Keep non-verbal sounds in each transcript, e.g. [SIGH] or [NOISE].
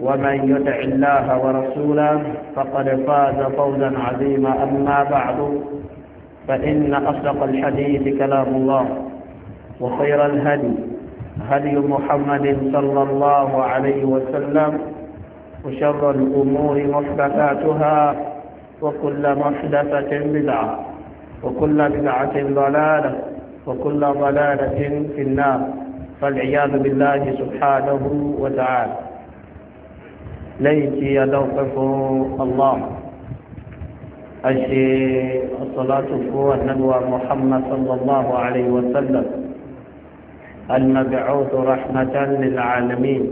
ومن يطع الله ورسوله فقد فاز فوزا عظيما أما بعد فإن أصدق الحديث كلام الله وخير الهدي هدي محمد صلى الله عليه وسلم وشر الأمور محدثاتها وكل محدثة بدعة وكل بدعة ضلالة وكل ضلالة في النار فالعياذ بالله سبحانه وتعالى lẹ́yìn tí adáwọ̀pẹ́ fún allah a ṣe ọ̀sọ̀látò fún anábíwá muhammad sallallahu alayhi wa sallam المبعوث رحمة للعالمين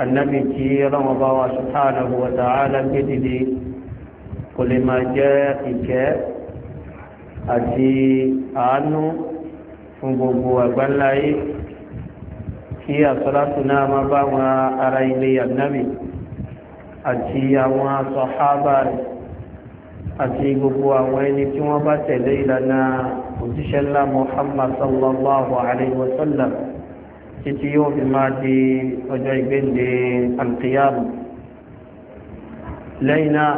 النبي كي رمضان سبحانه وتعالى بدي kò lè máa jẹ́ ìkẹ́ àti àánú fún gbogbo àgbáńláyé kí àsọ́látù náà máa bá wọn ará ilé ànábì àti àwọn sàhábà rẹ̀ àti gbogbo àwọn ẹni tí wọ́n bá tẹ̀lé ìlànà òjíṣẹ́ ńlá Muhammad sallallahu alayhi wa sallam títí yóò fi máa di ọjọ́ ìgbéǹde alkiyamu lẹ́yìn náà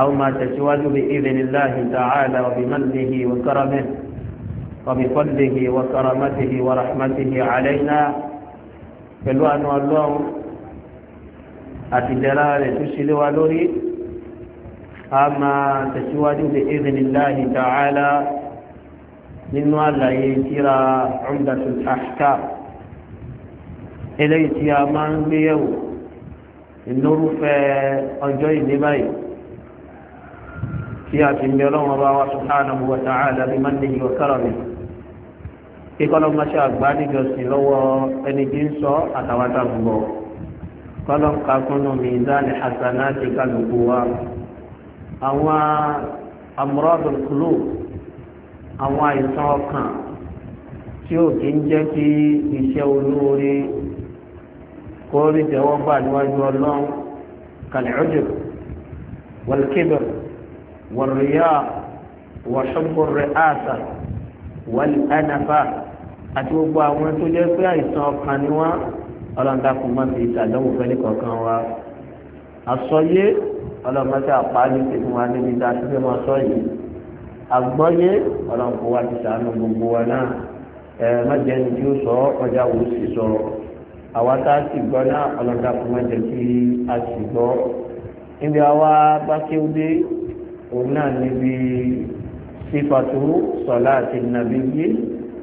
àwọn máa tẹ̀síwájú bí idhnillahi ta'ala wa bi mannihi wa وبفضله وكرمته ورحمته علينا pẹ̀lú àánú ọlọ́run àtìdẹ́ra rẹ̀ tó ṣe lé wa lórí a máa tẹ̀síwájú lè iznillahi ta'ala nínú àlàyé tíra umdatul ahkam eléyìí tí a máa ń gbé yẹ̀wò ìnórúfẹ́ ọjọ́ ìdí báyìí tí a ti ń bẹ ọlọ́run ọba wa subhanahu wa ta'ala bi mannihi wa karamihi kíkọ́lọ́mọṣẹ́ àgbà níjọsìn lọ́wọ́ ẹni tí ń sọ àtàwátà gbọ́ kọ́lọ́m kakúnnù mizani hasanati kálukú wa àwọn amúrọ́dùn kúlù àwọn àìsàn ọkàn tí ò kí ń jẹ́ kí iṣẹ́ olóore kó rí tẹ́wọ́ bá níwájú ọlọ́run kàlẹ́ọ́jù wàlkébẹ̀ wàlríyà wàṣọ́bùrẹ́ àṣà wàlánàfà àti gbogbo àwọn tó jẹ́ pé àìsàn ọkàn ni wọ́n ọlọ́ndàkùn máa fi ìṣàdánwò fẹ́lẹ́ kọ̀ọ̀kan wa àsọyé ọlọ́mọdé àpáálí ti fún wa níbi tá a ti fẹ́ máa sọ yìí àgbọ́yé ọlọ́nkọ wa ti sàánú gbogbo wa náà ẹ mẹ́jẹ ni tí ó sọ ọjà wò sí sọ àwa tá a sì gbọ́ náà ọlọ́ndàkùn mẹ́jẹ kí a sì gbọ́ níbi àwa bá kéwdé òun náà níbi sífàtú sọ̀lá àti nàbí yìí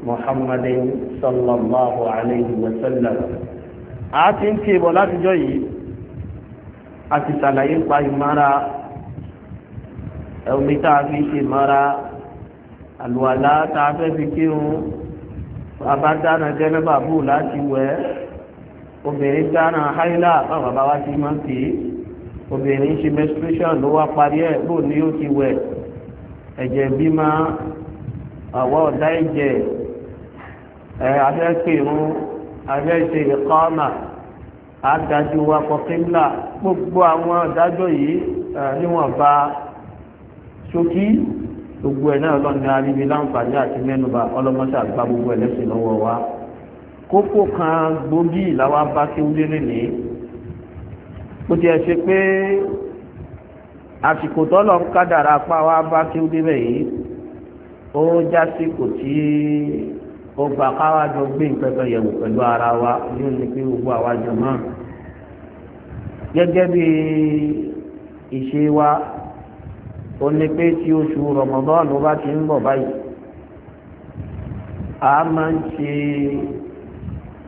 muhammad sallallahu alayhi wa sallam a ti ń ké bọ̀ látijọ́ yìí a ti ṣàlàyé ń pa ìmára ẹ̀wọ̀n mi tá a fi ṣe ìmára àlùwàlá tá a fẹ́ fi kírun bàbá dáná jẹ́nẹ́bà bù láti wẹ̀ obìnrin dáná háìlà báwọn bàbá wa ti máa ń pè é obìnrin ṣe menstruation ló wá parí ẹ̀ bò ní ó ti wẹ̀ ẹ̀jẹ̀ bí máa àwọ̀ ọ̀dá ẹ̀jẹ̀ afẹ́ kírun afẹ́ ṣe ìkọ́mà adájú wa kọ kíńlá gbogbo àwọn adájọ́ yìí níwọ̀nba ṣókí gbogbo ẹ̀ náà lọ́nà àríbi láǹfààní àti mẹ́nuba ọlọ́mọṣà gba gbogbo ẹ̀ lẹ́sìn lọ́wọ́ wa kókó kan gbòógì làwa bá kí wúlé lónìí bó tiẹ̀ ṣe pé àsìkò tọ́lọ̀ ń kádàrà apá wa bá kí wúlé bẹ́ẹ̀ yìí ó jásìkò tí. ó gbà káwá jọ gbé nǹkan pẹ̀lú ara wa yóò ní pé gbogbo àwa jọ mọ́ gẹ́gẹ́ bí ìṣe wa ó ní pé tí oṣù rọmọdọ́ọ̀nù bá ti ń bọ̀ báyìí a máa ń ṣe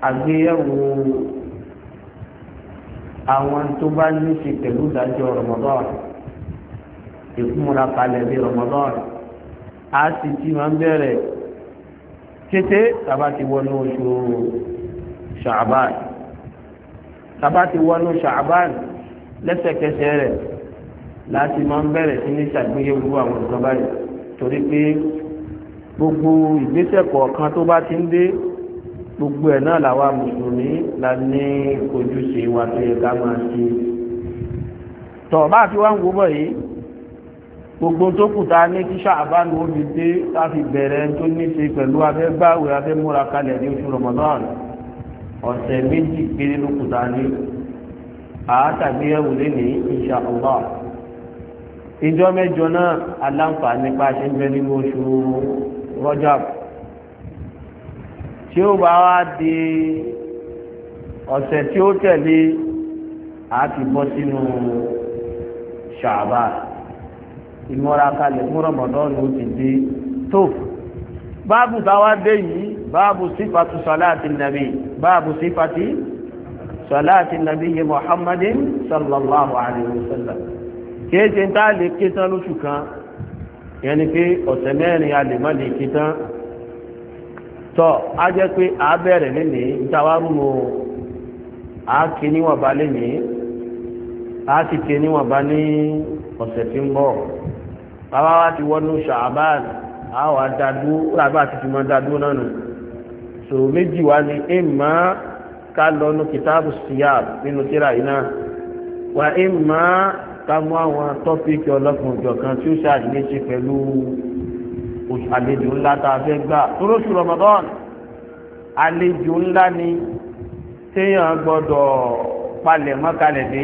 àgbéyẹ̀wò àwọn tó bá ní ṣe pẹ̀lú ìdájọ́ rọmọdọ́ọ̀nù kalẹ̀ bí a sì ti kété tàbá ti wọnú oṣù ṣàbán tàbá ti wọnú ṣàbán lẹ́sẹ̀kẹsẹ̀ rẹ̀ láti máa ń bẹ̀rẹ̀ sí ní ṣàgbéyẹ̀wò àwọn nǹkan báyìí torí pé gbogbo ìgbésẹ̀ kọ̀ọ̀kan tó bá ti ń dé gbogbo ẹ̀ náà làwa mùsùlùmí la ní ojúṣe wa tó yẹ ká máa ṣe tọ̀ bá fi wá ń gbọ́ bọ̀ yìí gbogbo tó kù tá a ní kí ṣàbánu omi dé láti bẹ̀rẹ̀ tó ní ṣe pẹ̀lú abẹ́gbàwé abẹ́múra kalẹ̀ ní oṣù Ramadan ọ̀sẹ̀ méjì péré ló kù tá a ní àátàgbéyẹ̀wò lénìí insha Allah ìjọ mẹ́jọ náà aláǹfà nípa ṣe ń bẹ nínú oṣù Rajab tí ó bá wá di ọ̀sẹ̀ tí ó tẹ̀lé àá bọ́ sínú Ṣàbánu ìmúra kalẹ̀ fún rọmọdọ́nù ó ti dé tó báàbù táwa dé yìí báàbù sífàtú sọláàtì nàbí báàbù sífàtí sọláàtì nàbí yìí muhammadin sallallahu alayhi wa sallam kéèké tá a lè ké tán lóṣù kan yẹn ni pé ọ̀sẹ̀ mẹ́rin a lè má lè ké tán tọ́ a jẹ́ pé a bẹ̀rẹ̀ lénìí táwa rúnu a ké níwọ̀nba lénìí a sì ké níwọ̀nba ní ọ̀sẹ̀ tí ń bọ̀ bàbá wa ti wọnú ṣàbáàn àwọn adadú rábà ti fi mọ́ dadú náà nù so méjì wá ní ìmọ̀ ká lọ́nu kìtàbù síyàm nínú tíra yìí náà wà ìmọ̀ ká mú àwọn tọ́pìkì ọlọ́kùnrin ìjọ̀kan tí ó ṣàdíléṣe pẹ̀lú àlejò ńlá tá a fẹ́ gbà lóṣù Ramadan àlejò ńlá ni téèyàn gbọ́dọ̀ palẹ̀ mọ́kalẹ̀ dé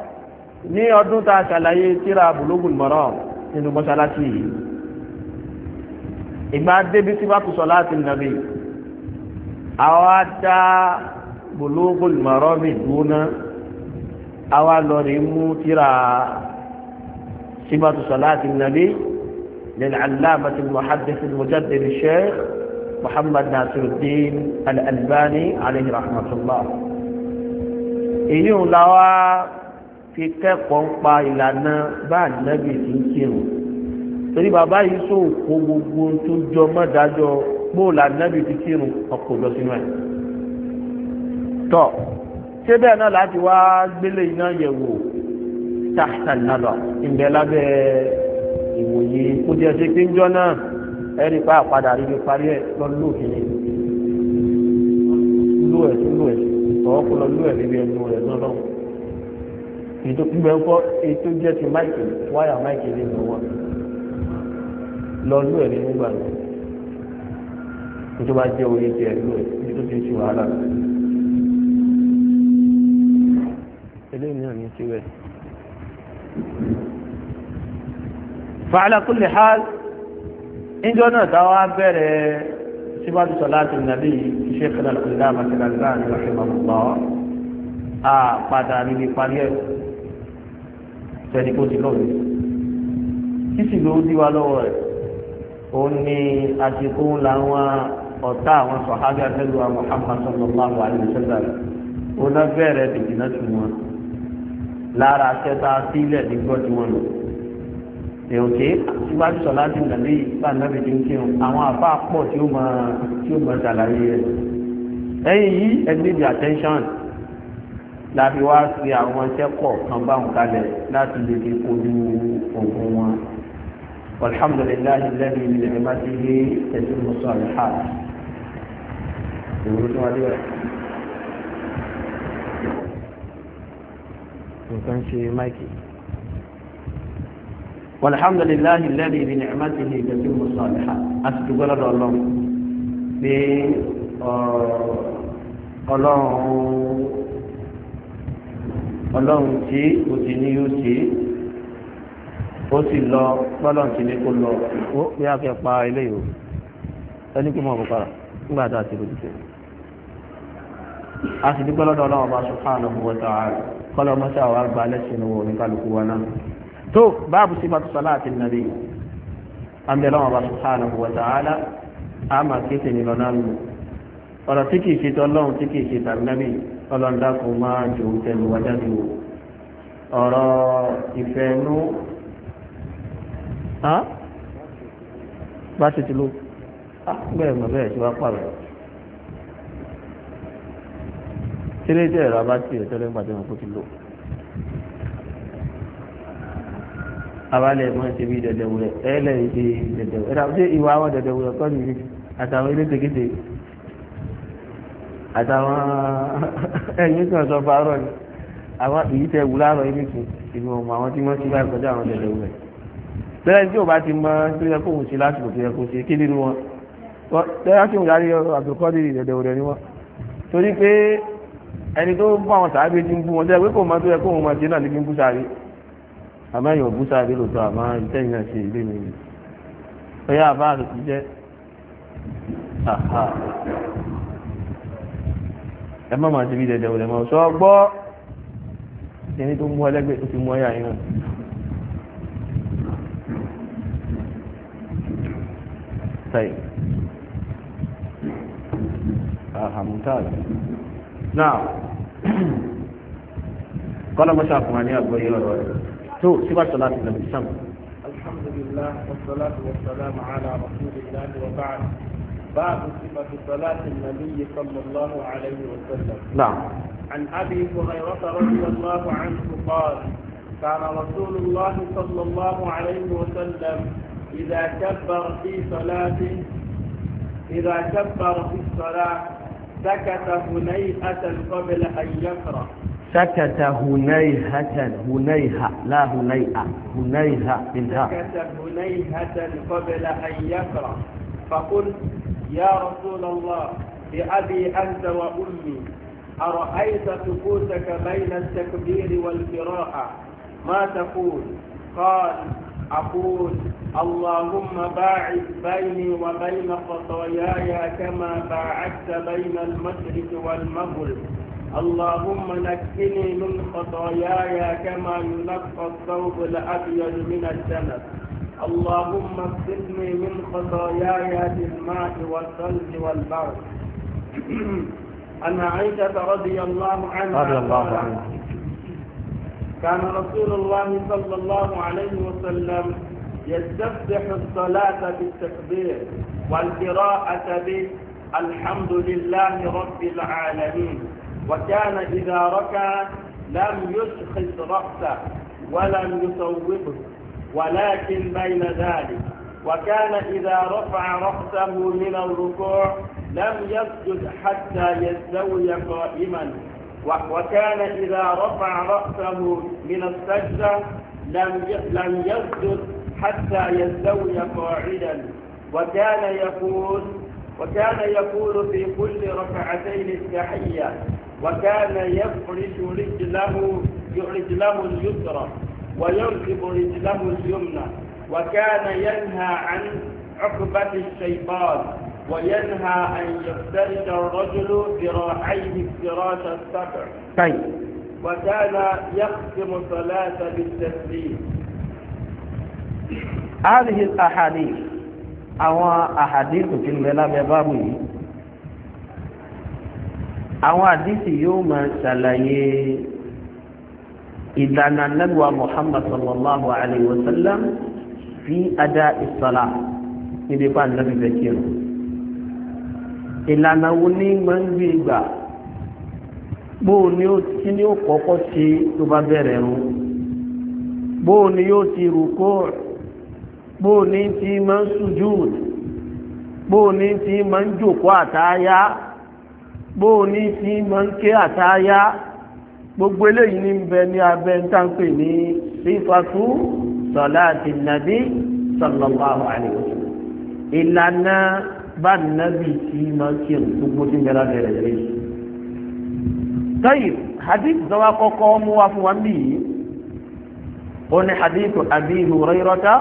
ní ọdún tá a ṣàlàyé tíra Bulugul Maram nínú mọ́ṣáláṣí yìí ìgbà débi tí wàá kùsọ̀ láti nàbí àwa dá Bulugul Maram mi dúró náà àwa lọ rí mú tíra síbàtú sọláàtì nàbí lẹ́nu aláàmàtì muhaddith mujaddid sheikh muhammad nasiruddin al-albani alayhi rahmatullah èyí ń la wá fi kẹ́kọ̀ọ́ ń pa ìlànà bá ànábì tí ń kírun torí bàbá yìí sóò kó gbogbo tó jọ mọ́dájọ́ bóòlù ànábì tí kírun ọkọ̀ lọ sínú ẹ̀ tọ́ ṣé bẹ́ẹ̀ náà láti wá gbélé iná yẹ̀wò tàṣàlálọ̀ ìbẹ̀ lábẹ́ ìwòye kó jẹ́ ṣe pé ń jọ náà ẹ̀rí pa àpadà rí parí ẹ̀ lọ lóòkè ni lóòẹ̀ tó lóòẹ̀ tọ́ ọkọ̀ lọ lóòẹ̀ níbi ẹnu rẹ̀ náà lọ́wọ́ ètò gbígbẹ́ ńkọ́ ètò jẹ́ ti máìkì wáyà máìkì lè lọ wá lọ lú ẹ̀ nínú gbà lọ kó tó bá jẹ́ orí ti ẹ̀ lú ẹ̀ ní tó ti ṣe wàhálà eléyìí náà ní síbẹ̀. fàálà kúlẹ̀ ha níjọ́ náà táwa bẹ̀rẹ̀ síwájú sọ láti nàbí iṣẹ́ kanáà kúlẹ̀ dáa màtí làlùbáà ní wàhálà lọ́wọ́ a padà níbi parí ẹ̀kọ́ sẹ́ni kó ti lóde títí ló ń díwá lọ́wọ́ rẹ̀ ó ní àsìkò làwọn ọ̀tá àwọn sọ̀hábí àtẹ́lùwà Muhammad sallallahu alaihi wasallam ó ná bẹ̀rẹ̀ dìgbìnà tí wọn lára akẹ́ta sílẹ̀ nígbọ́ tí wọn lò èòkè síwájú sọ̀lá ti nàbí bá nàbí tí ń kírun àwọn àbá pọ̀ tí ó máa tí ó máa ṣàlàyé rẹ̀ ẹ̀yìn yìí ẹ gbé attention láti wá sí àwọn iṣẹ́ kọ̀ọ̀kan báwọn kalẹ̀ láti lè fi kojú ògùn wọn. alhamdulilayi lẹ́nu ilẹ̀ bá ti gbé ẹ̀sìn mọ́sán rẹ̀ hà. ìwúrí tí wọ́n dé rẹ̀. nǹkan ṣe máìkì. alhamdulilayi lẹ́nu ilẹ̀ bá ti gbé ẹ̀sìn mọ́sán rẹ̀ a ti dùgbọ́ lọ́dọ̀ ọlọ́run pé ọlọ́run ọlọ́run tí o ti ní yóò ṣe ó sì lọ gbọ́dọ̀ tí ní kó lọ ó pé a fẹ́ pa eléyìí o ẹni pé mo kò para nígbà tá a ti rojú tẹ̀lé a sì dúpẹ́ lọ́dọ̀ ọlọ́run ọba subhanahu wa ta'ala kọ́lọ́ mọ́ṣẹ́ àwọn àgbà lẹ́sìn wo ní kálukú wa náà tó báàbù sí bàtú sọlá àti nàbí àmì ọlọ́run ọba subhanahu wa ta'ala a máa kéte nílọ náà lò ọ̀rọ̀ tí kìí ṣe tọ́lọ́run tí kìí ṣe tàbí nàbí ọlọ́ndàkùn máa jò tẹnu wájáde wò ọ̀rọ̀ ìfẹ́nú bá ti ti ló bẹ́ẹ̀ mọ̀ bẹ́ẹ̀ tí wá pààrọ̀ kéré jẹ́ ẹ̀rọ bá ti ẹ̀tọ́ lẹ́gbàá tí wọ́n kó ti lò abalẹ̀ mọ́ ṣe bí dẹ̀dẹ̀wúrẹ̀ ẹ̀ẹ́lẹ̀ ìdè dẹ̀dẹ̀wúrẹ̀ ẹ̀dà ìwà àwọn dẹ̀dẹ̀wúrẹ̀ kọ́ ni àtàwọn ilé tẹ̀gẹ́tẹ̀ẹ́ àtàwọn ẹ̀yìn kan sọ fàárọ̀ ni àwọn èyí tẹ wù láàárọ̀ yìí nìkan ìlú ọmọ àwọn tí wọ́n ti báyìí kọjá àwọn tẹ̀lé wẹ̀. bẹ́ẹ̀ tí o bá ti mọ tó yẹ kóhùn sí lásìkò tó yẹ kó ṣe kí nínú wọn lọ́yà tí òun darí àbùkọ́ dìrì dẹ̀dẹ̀wọ̀dẹ̀ ni wọ́n torí pé ẹni tó bọ́ àwọn sàábé ti ń bú wọn jẹ́ pé kò mọ tó yẹ kóhùn máa ṣe náà níbi ń bú sáré àmọ́ èèyàn bú sáré náà Lama masa bila dia ulama Sabar Dia ni tumbuh lagi Dia tumbuh ayat ni kan Alhamdulillah Nah, Kalau masa aku mani Aku beri orang Tu, sifat salat Nabi Sama Alhamdulillah Wassalatu wassalamu ala Rasulullah Wa ba'ala باب صفة صلاة النبي صلى الله عليه وسلم نعم عن أبي هريرة رضي الله عنه قال كان رسول الله صلى الله عليه وسلم إذا كبر في صلاته إذا كبر في الصلاة سكت هنيهة قبل أن يقرأ سكت هنيهة هنيهة لا هنيئة هنيهة بالها سكت هنيهة قبل أن يقرأ فقلت يا رسول الله بأبي أنت وأمي أرأيت سكوتك بين التكبير والقراءة ما تقول قال أقول اللهم باعد بيني وبين خطاياي كما باعدت بين المشرق والمغرب اللهم نكني من خطاياي كما ينقى الثوب الأبيض من الجنب اللهم اغسلني من خطاياي بالماء والثلج والبرد [CLEARS THROAT] أن عائشة رضي الله عنها رضي الله عنها كان رسول الله صلى الله عليه وسلم يستفتح الصلاة بالتكبير والقراءة بالحمد لله رب العالمين وكان إذا ركع لم يشخص رأسه ولم يصوبه ولكن بين ذلك وكان إذا رفع رأسه من الركوع لم يسجد حتى يستوي قائما وكان إذا رفع رأسه من السجدة لم لم يسجد حتى يستوي قاعدا وكان يقول وكان يقول في كل ركعتين التحية وكان يفرش رجله رجله اليسرى ويركب رجله اليمنى وكان ينهى عن عقبة الشيطان وينهى أن يفترش الرجل ذراعيه افتراش السبع طيب وكان يختم صلاة بالتسليم هذه الأحاديث أو أحاديث في الملام بابي àwọn àdìsí yóò máa ìlànà nàgbà muhammad sallallahu alayhi wa sallam fi ada ìsọlá níbi bá nàbí bẹ̀kìrù ìlànà wo ní gbàngbé gbà bóò ni ó ti ní ó kọ́kọ́ ṣe tó bá bẹ̀rẹ̀ rún bóò ni yóò ti rúkó bóò ni ti máa ń sujúd ni ti máa ń jòkó àtáyá ni ti máa ń ké gbogbo eléyìí ní bẹ ní abẹ́ ń tàǹpè ní sífàtú sọláàtì nàbí sallallahu alaihi wasallam ìlànà bá nàbí tí máa kí ẹ̀rù gbogbo tí ń bẹ lábẹ́ rẹ̀ rẹ̀ yìí. tayib hadith tó wá kọ́kọ́ mú wá fún wa mí yìí ó ní hadith abi hurayrata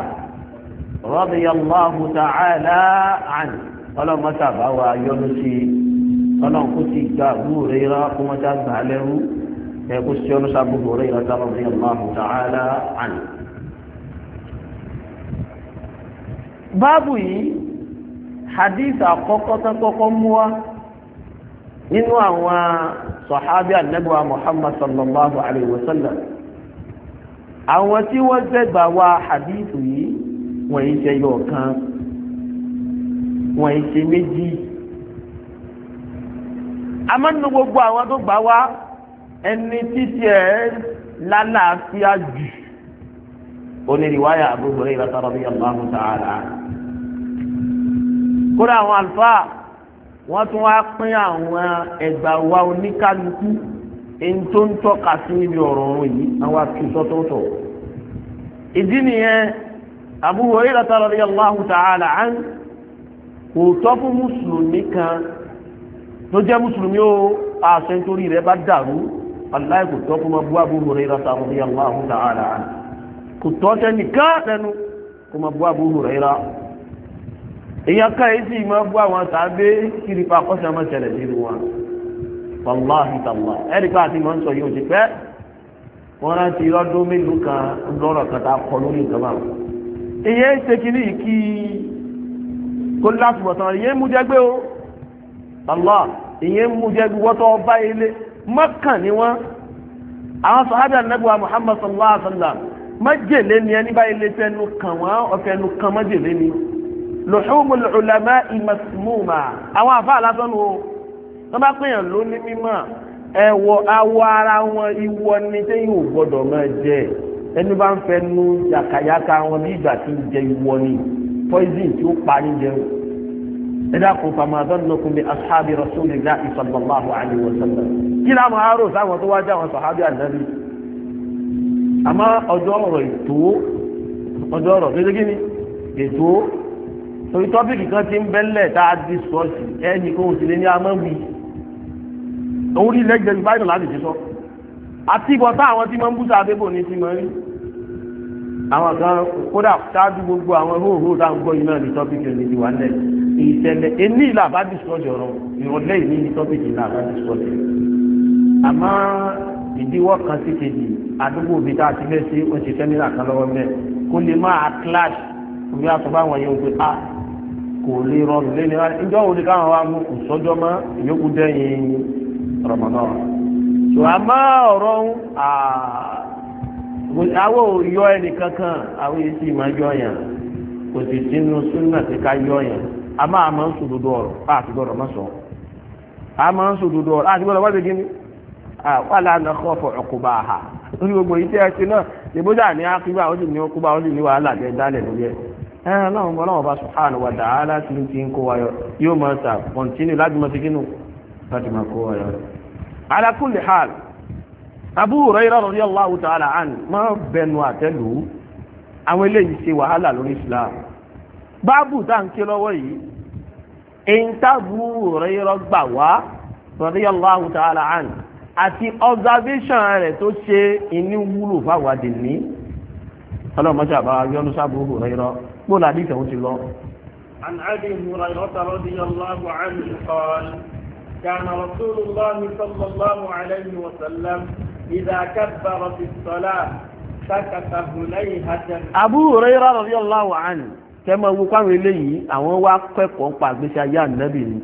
radiyallahu ta'ala anhu ọlọ́mọ́ta bá wa yọ́nu sí ọlọ́run kó ti gba àbúrò rẹ̀ rà kó mọ́ta gbà lẹ́rú ẹ̀kú sí ọ́nù sábú bòrò ìrọ̀tà rọ̀bì Allahu ta'ala àn. báàbù yìí hadith àkọ́kọ́ tó kọ́kọ́ mú wa nínú àwọn sọ̀hábí àdínẹ́gbẹ̀wá Muhammad sallallahu alayhi wa sallam àwọn tí wọ́n gbẹ̀gbà wa hadith yìí wọ́n yìí ṣe yọ̀ kan wọ́n yìí ṣe méjì. amánú gbogbo àwọn tó gbà wá ẹni títí ẹ lálàáfíà jù onírìwáyà Abu Hurairah radiyallahu ta'ala kódà àwọn àlùfáà wọ́n tún wá pín àwọn ẹgbà wa oníkálukú ẹni tó ń tọ́ka sí níbi ọ̀rọ̀ ọ̀run yìí àwọn àtúntò tọ̀tọ̀ ìdí nìyẹn Abu Hurairah radiyallahu ta'ala an kò tọ́ fún mùsùlùmí kan tó jẹ́ mùsùlùmí ó àṣẹ nítorí rẹ̀ bá dàrú aláì kò tọ́ kó máa bú Abu Hurairah radiyallahu ta'ala anhu kò tọ́ sẹ́ni káàtẹ́nu kó máa bú Abu Hurairah èyàn ká èyí sì máa bú àwọn tàbí kiri pa akọ́sẹ́ máa ṣẹlẹ̀ nínú wa wàláhi tàlá ẹ̀rí pa àti máa ń sọ yóò ti pẹ́ wọ́n rántí lọ́dún mélòó kan lọ́rọ̀ kan tá lórí nǹkan báwọn. ṣe kiri kí kó láti tán ìyẹn mú jẹ́gbé o tàlá ìyẹn mú jẹ́gbé wọ́tọ́ ọba ilé mọ́kàn ni wọ́n àwọn sàhábà nàgbà Muhammad sallallahu alaihi wa sallam májèlé ni ẹni báyìí lè fẹnu kàn wọ́n ọ̀fẹ́nu kan májèlé ni luhumul ulama'i masmuma àwọn àfa àlásán o wọ́n bá pèèyàn ló ní mímọ́ ẹ̀wọ̀ awọ ara wọn ìwọ ni tẹ́yìn ò gbọ́dọ̀ máa jẹ ẹni bá ń fẹnu yàkàyàkà wọn bí ìgbà tí ń jẹ ìwọ ni poison tí ó parí jẹun ẹ̀dá kò fà máa dọ́nà kún bí asáàbí rasulillahi sallallahu alaihi wa sallam kí láwọn arò sáwọn tó wájà wọn sàhábì ànábì àmọ́ ọjọ́ ọ̀rọ̀ ètò ọjọ́ ọ̀rọ̀ kéde kí ni ètò torí tọ́pìkì kan ti ń bẹ́lẹ̀ tá a discourse ẹni kóhun ti lé ní amáwí òun rí lẹ́gbẹ̀ẹ́ báyìí láti ti sọ àti ìbọ̀tá àwọn tí máa ń bú sáà bébò ní ti máa ń rí àwọn kan kódà ṣáájú gbogbo àwọn hóhó tá à ń gbọ́ iná ní tọ́pìkì òní wà lẹ̀ ìṣẹ̀lẹ̀ ení ìlà bá dìsọ́jì ọ̀rọ̀ ìrọ̀lẹ́ ìní ní tọ́pìkì ìlà bá dìsọ́jì àmọ́ ìdíwọ́ kan sí kejì àdúgbò bíi tá a ti fẹ́ sí oṣù sẹ́mínà kan lọ́wọ́ mẹ́ kó lè máa clash òbí àtọ́bá wọn yẹn wípé a kò lè rọrùn lé níwájú ìjọ wo ni káwọn wa mú kò sọ́jọ́ mọ́ ìyókù dẹ́yìn Ramadan àwọn ò yọ ẹnì kankan àwọn èyí sì máa yọ yàn kò sì sínú súnà tí ká yọ yàn a máa máa ń sòdodo ọ̀rọ̀ a àti gbọ́dọ̀ má sọ a máa ń sòdodo ọ̀rọ̀ a àti gbọ́dọ̀ wá lè gíní wà lánàá kọ́ fọ ọkùnbà ha lórí gbogbo yìí tí ẹ ti náà ìbúdà ní akíbà ó sì ní okúbà o sì ní wàhálà tẹ dálẹ̀ lórí ẹ ẹ̀rọ náà wọn náà bá subhanahu wa ta'ala tí ń ti ń kó wáyọ yóò máa ta kọ̀ntínú láti máa fi kínú láti máa kó wáyọ. ala kulli Abu Hurairah radiyallahu ta'ala anhu má bẹnu àtẹ́lù àwọn eléyìí ṣe wàhálà lórí Islam báàbù tá à ń ké lọ́wọ́ yìí èyí tá Abu Hurairah gbà wá radiyallahu ta'ala anhu àti observation rẹ̀ tó ṣe ìní wúlò fáwọn àdìní ọlọ́mọṣẹ́ àbáwá yọ́nú sábò Abu Hurairah gbọ́dọ̀ àdìsẹ̀ ó ti lọ. عن ابي هريره رضي الله عنه قال كان رسول الله صلى الله عليه وسلم إذا كبر في الصلاة سكت هليهة أبو هريرة رضي الله عنه كما owó káwọn eléyìí àwọn wá kẹ́kọ̀ọ́ يا àgbésí ayé ànábì ni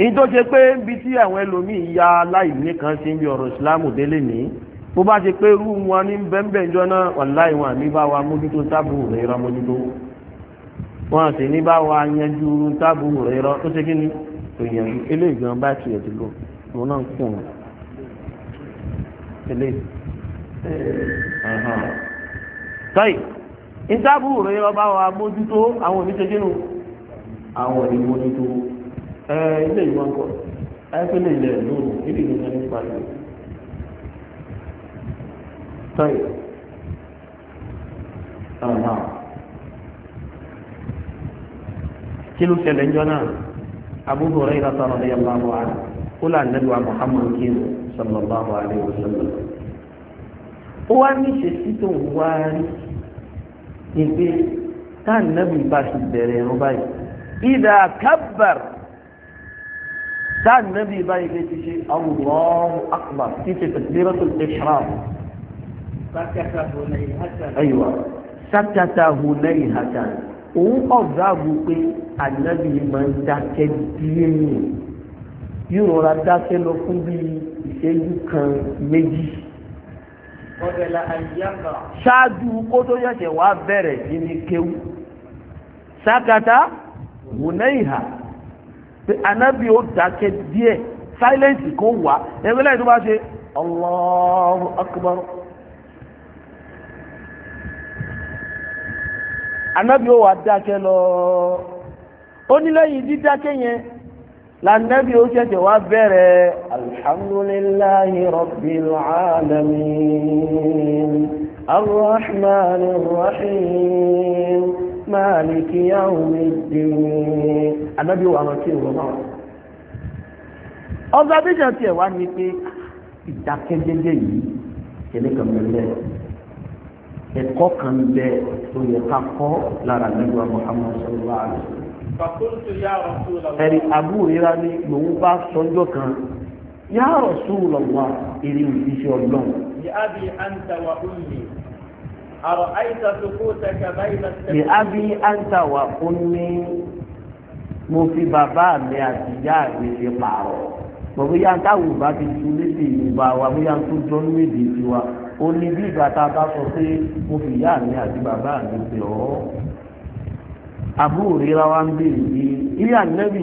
èyí tó ṣe pé ibi tí àwọn ẹlòmíín ya aláìní kan ṣe ń bí ọ̀rọ̀ ìsìláàmù délé ní bó bá ṣe pé irú wọn ní bẹ́ńbẹ́ ìjọ náà wàláì wọn àní bá wa mójútó tábù rẹ̀ rọ mójútó wọn sì ní bá wa yanjú tábù rẹ̀ rọ tó ṣe kí ni èèyàn eléyìí gan bá tiẹ̀ ti lò òun náà kùn eléyìí tọ́yì ìtàbù rẹ̀ ọba wa mójútó àwọn oníṣẹ́gínú àwọn onímójútó ilé ìwọ̀n kọ́ ẹ́fẹ́lẹ̀ ilẹ̀ lóòrùn ilé ìwọ̀n nípa ìlú tọ́yì kí ló ṣẹlẹ̀ jọ náà Abu Hurairah radiyallahu anhu kó là ń lẹ́lu sallallahu alaihi wasallam ó wá ní ìṣesí tó ń wá rí ni pé táwọn nábì bá ti bẹ̀rẹ̀ ẹ̀rọ báyìí ìdá kábàr táwọn nábì báyìí fẹ́ ti ṣe Allahu akbar ti ṣe takbiratul ihram ayiwa sakata hunayi hata òun ọ̀gáàbù pé ànábì máa ń dákẹ́ díẹ̀ yìí yóò rọra dákẹ́ lọ fún bíi ewu kan méjì ṣáájú kó tó yẹ̀ṣẹ̀ wá bẹ̀rẹ̀ sí ní kéwú sákàtà wùnẹ́ìhà pé anábì ó dákẹ́ díẹ̀ sáílẹ̀ǹsì kan wà ẹgbẹ́lẹ́ tó bá ṣe Allahu akbar anábì ó wà dákẹ́ lọ ó ní lẹ́yìn dídákẹ́ yẹn lànàbí ó ṣẹ̀ṣẹ̀ wá bẹ̀rẹ̀ alhamdulillahi rabbil alamin arrahmanir rahim maliki yawmiddin anábí wà lọ sí ìwọ̀n náà tiẹ̀ wá ní pé ìdákẹ́jẹ́jẹ́ yìí kìíní kan bẹ̀rẹ̀ ẹ̀kọ́ kan bẹ̀ tó yẹ ká kọ́ lára nígbà muhammadu sallallahu alaihi wa sallam ẹ̀rí àbúrírá ní lòun bá sọ́jọ́ kan yá Rasulullah èrè òṣìṣẹ́ ọlọ́run. yàbí anta wa ummi àrọ̀ àìsà tó kó tẹ̀ka báyìí bá tẹ̀ka. yàbí anta wa ummi mo fi bàbá mi àti ìyá mi fi pààrọ̀ bọ̀bú yá ń táwọn ìbá ti tu lédè ìgbà wa bóyá ń tó jọ́ ní èdè tiwa ó ní bí ìgbà tá a bá sọ pé mo fi ìyá mi àti bàbá mi pè ọ́. Abu Hurairah wa ń bèèrè bí ilé ànábì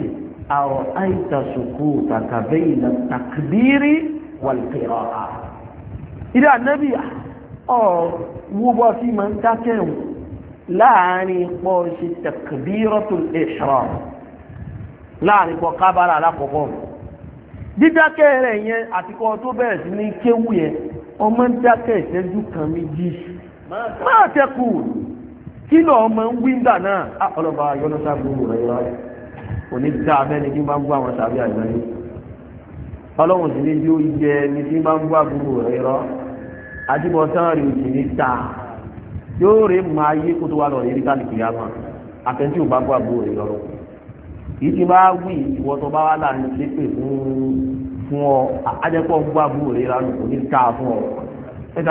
àrọ̀ àìta sòkò tàkàbẹ́ ìlà takbiri wal qira'a ilé ànábì ọ̀wọ́ bọ́ sí ma ń dákẹ́wò láàrin pọ̀ ṣe takbiratul ihram láàrin pọ̀ kábàrà alákọ̀ọ́kọ́ dídákẹ́ rẹ̀ yẹn àtikọ́ tó bẹ̀rẹ̀ sí ní kéwù yẹn ọmọ ń dákẹ́ ìṣẹ́jú kan méjì máa tẹ́kù kí lọ ọmọ ń wí ńgbà náà á ah, ọlọ́ba yọ́nà sábúrú rẹ̀ yọ́ òní dá abẹ́ni kí n bá ń gbọ́ àwọn sàbí àgbáyé ọlọ́run sì ní bí ó yẹ ni kí n bá ń gbọ́ àbúrò rẹ̀ yọ́ adébọ̀tán rẹ̀ òsì ní ta yóò rè mọ ayé kó tó wà lọ rí kálíkì yá mọ́ àtẹ̀tí ò bá gbọ́ àbúrò rẹ̀ yọ́ yìí ti bá wí ìwọ bá wà láàrin ṣépè fún fún ọ ajẹ́pọ̀ gbọ́ àbúrò rẹ̀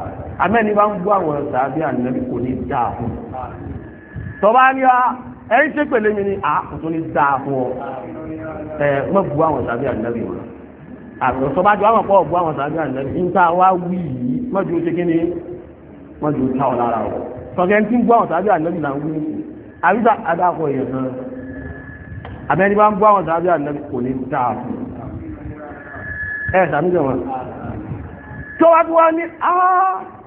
amẹ́ni bá ń bú àwọn sàábí ànábì kò ní dáa fún tọ́ba ní a ah, ẹ̀yìn ṣe pẹ̀lẹ́ mi ni a ah, kò tó ní dáa fún ọ ẹ mọ̀ bú àwọn sàábí ànábì wọn àbẹ̀ tọ́ba jọ àwọn pọ̀ bú àwọn sàábí ànábì ń ta wá wí yìí mọ́jú ṣe kí ni mọ́jú ta ọ̀ lára ọ̀ tọ́kẹ́ ń tí ń bú àwọn sàábí ànábì là ń wí àbíta adákọ̀ èèyàn kan àbẹ́ni bá ń bú àwọn sàábí ànábì kò tó wá tí wá ní áá ah,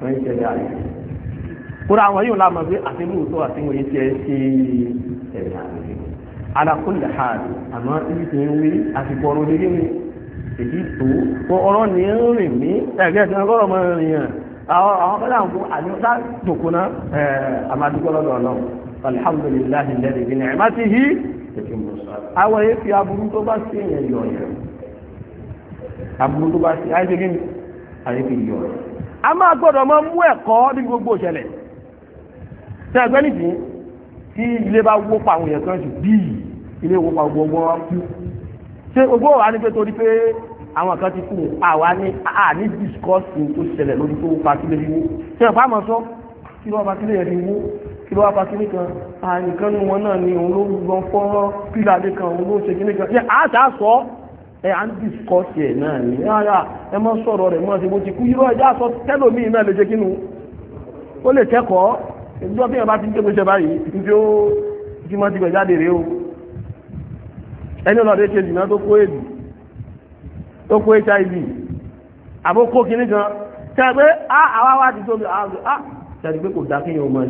wọ́n ń tẹ̀lé àyè kúrò àwọn yìí la mọ̀ pé àtẹ̀lù tó àtẹ̀wò yìí tẹ̀ ṣe tẹ̀lé àyè alákùnlé ha àmọ́ ibi tí ń wí àtìkọ́ ọ̀rọ̀ lórí mi èyí tó kó ọ̀rọ̀ ní ń rìn mí ẹ̀gẹ́ ti ń kọ́rọ̀ mọ́ rìn yàn àwọn àwọn kọ́lá ń fún àdúgbò tòkó náà àmàdúgbò lọ́dọ̀ náà alhamdulilahi lẹ́dí bí ni'matihi fi aburú tó bá sí èèyàn yẹn a máa gbọ́dọ̀ mọ́ mú ẹ̀kọ́ ní gbogbo ìṣẹ̀lẹ̀ tẹ́ ẹgbẹ́ nìsín tí ilé bá wó pa àwọn èèyàn kan jù bíi ilé wó pa gbogbo wọn kú ṣé gbogbo wa ni pé torí pé àwọn kan ti kú àwa ní a ní discourse tó ṣẹlẹ̀ lórí tó pa sílé fi wó ṣé ẹ̀fọ́ àmọ́ sọ kí ló wá pa sílé yẹn fi wó kí ló wá pa sílé kan àyìnkan nu wọn náà ni òun ló gbọ́n fọ́nrán pílà lé kan òun ló ṣe kíní kan ṣe àtà sọ ẹ à ń discourse ẹ̀ náà ni rárá ẹ mọ́ sọ̀rọ̀ rẹ̀ mọ́ ṣe bó ti kú irọ́ ẹja sọ tẹ́lòmíì náà lè ṣe kínú ó lè kẹ́kọ̀ọ́ ìjọba bí wọn bá ti ń gbé gbèsè báyìí níbi ó jí mọ́ ti gbẹ̀ jáde rèé o ẹni ọlọ́dẹ ṣe jìnnà tó kó èdè tó kó hiv àbókó kínní kan tẹ́gbẹ́ ah, àwa wá ti tóbi àwọn àti tẹ́gbẹ́ kò dá kéèyàn ṣe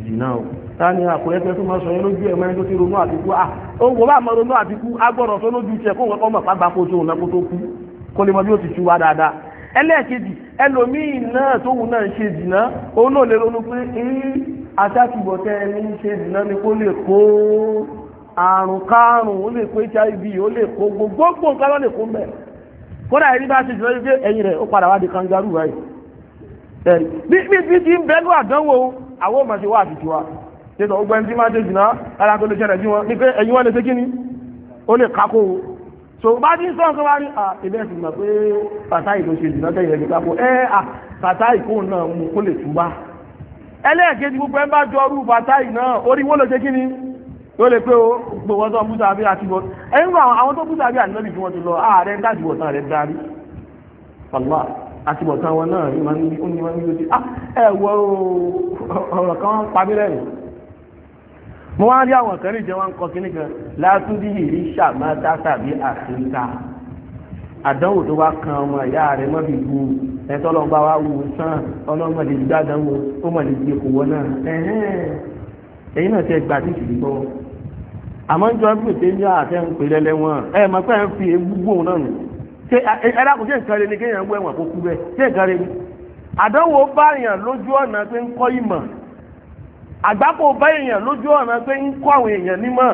ìdìnnà o. tani àkùrẹ́fẹ́ tó máa sọ yẹn lójú ẹ̀mọ́ ẹni tó ti ronú àbíkú à òun bá mọ ronú àbíkú agbọ́dọ̀ sọ lójú tiẹ̀ kó wọ́n mọ̀ pàgbà kó tó òun náà tó kú kó lè mọ bí ó ti tú dáadáa ẹlẹ́ẹ̀kejì ẹlòmíì náà tóun náà ń ṣe dìná òun náà lè ronú pé ẹni ń ṣe ni kó lè kó àrùn kárùn ó lè hiv ó lè kó gbogbo nǹkan tètò ó gbẹ́ni máa tètè jìnnà ara tó lè ṣẹlẹ̀ sí wọn ní pé ẹ̀yin wọn lè ṣe kíni ó lè kákó o so bá ti ń sọ nǹkan bá rí à ilé ẹ̀sìn mọ̀ pé fàtáì ló ṣe jìnnà tẹ̀yìn ẹ̀jẹ̀ kákó ẹ̀ à fàtáì kó náà mú kó lè túbá ẹlẹ́ẹ̀kejì gbogbo ẹ̀ ń bá jọ ọrú fàtáì náà orí wó ló ṣe kíni ó lè pé o gbogbo ọ̀tọ̀ búta bí àti bọ́ ẹ̀yìn àwọn tó búta bí ànílọ́bì tí ah ẹ̀wọ̀ ah, ọ̀rọ̀ kan pa mí mo wá rí àwọn kan níjẹ wọn kọ kíní kan látúndí yìí ṣàmádá tàbí àṣíńká àdánwò tó wá kan ọmọ ìyá rẹ mọ́bí bu ẹ̀tọ́ lọ bá wá wù ú sàn ọlọ́mọ lè gbá dánwò ó mọ̀ lè gbé kò wọ́n náà ẹ̀yìn náà tẹ́ gbà tí kìí bọ́ àmọ́ ń jọ bí ní àtẹ́ ń wọn ẹ mọ̀ pé ẹ ń fi egbúgbò náà nù ṣé ẹ dákun ṣé nǹkan rẹ ni kéèyàn ń wọ ẹ̀wọ̀n kó kú bẹ́ẹ̀ ṣé nǹkan rẹ ni àdánwò bá yàn lójú ọ̀nà pé ń kọ́ ìmọ̀ àgbákò bá èèyàn lójú ọ̀nà pé ń kọ́ àwọn èèyàn nímọ̀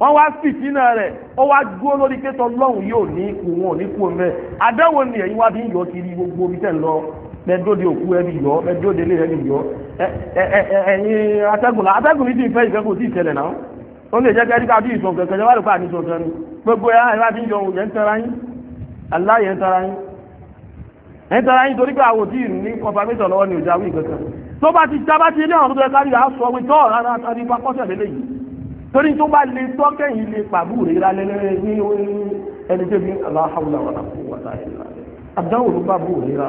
wọ́n wá sì sínú rẹ̀ ó wá dúró lórí pé tọ́lọ́hún yóò ní ikú wọn ò ní kú ọmọ ẹ̀ àdánwò ni ẹ̀yin wá bí ń yọ kiri gbogbo omi tẹ̀ ń lọ mẹ́dóde òkú ẹni yọ mẹ́dóde ilé ẹni yọ ẹ̀yin atẹ́gùn atẹ́gùn ti fẹ́ ìfẹ́ kò sí náà ó lè jẹ́ bí ìsọ̀ kẹ̀kẹ́ ni gbogbo ẹ̀ ẹ̀ bá ń yọ tó bá ti jábá ti ilé ọ̀run tó yẹ kárí àá sọ wíjọ́ rárá tàbí pápọ́sẹ̀ lélẹ̀ yìí torí tó bá lè tọ́kẹ́yìn lè pàbú rẹ̀ ra lẹ́lẹ́rẹ́ ní ẹni tó bí aláhàwùlà wà lápò wà láyé rà àdáwò ló bá bú rẹ̀ ra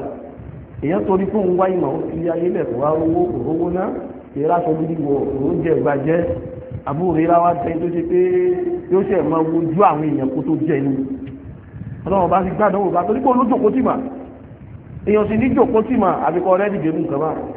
èyàn torí fún ń wáyé màá fi ayé lẹ̀ wá owó òrówó náà ìrà sọ gidi wọ òun jẹ ìgbàjẹ́ àbú rẹ̀ ra wá tẹ́ tó ṣe pé yóò ṣe máa wojú àwọn èèyàn kó tó jẹ ni ọlọ́run bá ti gbádùn òun bá torí pé olójókòó tì èèyàn sì ní jókòó tì àbíkọ rẹ́dìgẹ́ nù kàn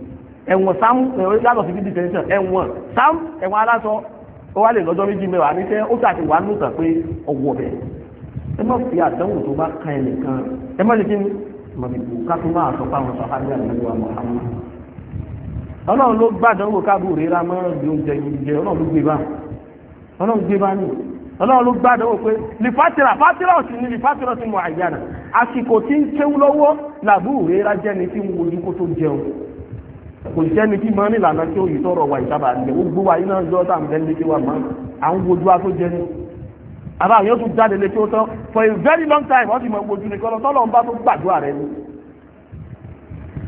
ẹ̀wọ̀n sam ẹ̀wọ̀n yàtọ̀ sí bíbí tẹ̀sán ẹ̀wọ̀n sam ẹ̀wọ̀n aláṣọ ó wá lè lọ́jọ́ méjì mẹ́wàá ní sẹ́ ó tàbí wà nù tàn pé ọwọ́ bẹ̀ ẹ má fi àdánwò tó bá ka ẹ̀ nìkan ẹ má lè kí ni mọ̀lẹ́kù ká tó máa sọ fáwọn sọ fáwọn àgbẹ̀wò àmọ́ àmọ́ ọlọ́run ló gbàdánwò káàbù rírà mọ́ bí oúnjẹ jíjẹ ọlọ́run ló gbé bá ọlọ́run gbé bá ní ọlọ́run ló gbàdánwò pé lìfátìrà fátìrà ọ̀sìn ni lìfátìrà ti mọ̀ àyànà àsìkò tí ń kéwú lọ́wọ́ làbú rírà jẹ́ni tí ń wojú kó tó jẹun kò sẹ́ni tí máa nílànà tí ó yìí tọrọ wà ìsábà àdìgbẹ́ gbogbo wa iná yọ tá à tí wà máa à ń wa tó jẹ ní. àbá yóò tún jáde lé tí ó tán for a very long time wọ́n ti mọ wojú ni kọ́lọ́ tọ́lọ́ ń bá tó gbàdúrà rẹ ni.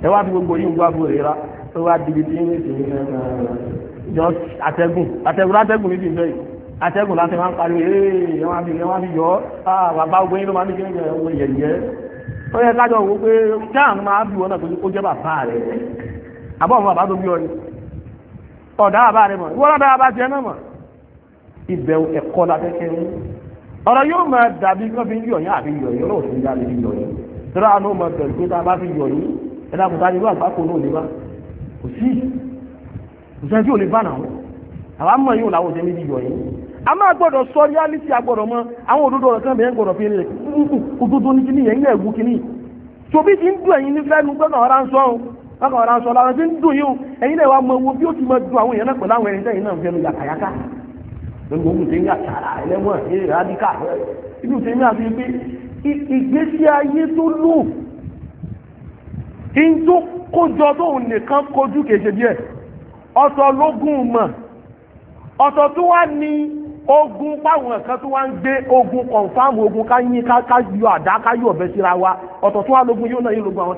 ẹ wá fi gbogbo yìí ń wá bó rira tó wá dìbì tí ń rìn sí yọ àtẹ̀gùn àtẹ̀gùn látẹ̀gùn ní ti ń bẹ́ yìí àtẹ̀gùn láti máa ń pariwo ee ẹ wá fi yọ ọ́ bàbá ogun yìí ló máa ń ní kí ó yẹ kájọ wo pé jáà máa bí wọn náà kó jẹ́ bàbá rẹ̀ àbọ̀ ọmọ bàbá tó bí ọ ni ọ̀dá bàbá rẹ mọ̀ wọ́n lọ́dá bàbá tiẹ̀ náà mọ̀ ìbẹ̀wò ẹ̀kọ́ la fẹ́kẹ́ ní ọ̀rọ̀ yóò máa dàbí kí wọ́n fi ń yọ̀yìn àfi yọ̀yìn ọlọ́wọ́ sí dáadé fi yọ̀yìn tọ́lá àánú ọmọ bẹ̀rù pé tá a bá fi yọ̀yìn ẹ̀dá kò táyé wà bákò náà níbà kò sí kò sẹ́ni tí ò lè bá náà àwa mọ̀ yóò làwọn òṣèlú ibi yọ̀yìn a máa gbọ́dọ̀ sọ reality agbọ́dọ̀ mọ àwọn òdodo ọ̀rọ̀ kan bẹ̀rẹ̀ gbọ́dọ̀ fi rẹ̀ òdodo ní kíní yẹn ń yẹ̀ wú kíní tòbí ti ń dùn ẹ̀yìn nífẹ̀ẹ́ nu gbọ́dọ̀ ọ̀rá ń sọ́run a ọ̀rọ̀ aṣọ lára tí ń dùn yìí ẹ̀yin náà mọ owó bí ó ti mọ dùn àwọn èèyàn náà pẹ̀lú àwọn ẹ̀yìn tẹ́yìn náà gbogbo ohun tí ń yà ẹlẹ́wọ̀n ní rádíkà ibi ń yà sí pé ìgbésí ayé tó lù ń tó kójọ nìkan kojú ogun páwọn tó ogun ogun ká yín ká yọ àdá ká yọ ọ̀bẹ síra wa tó wá yóò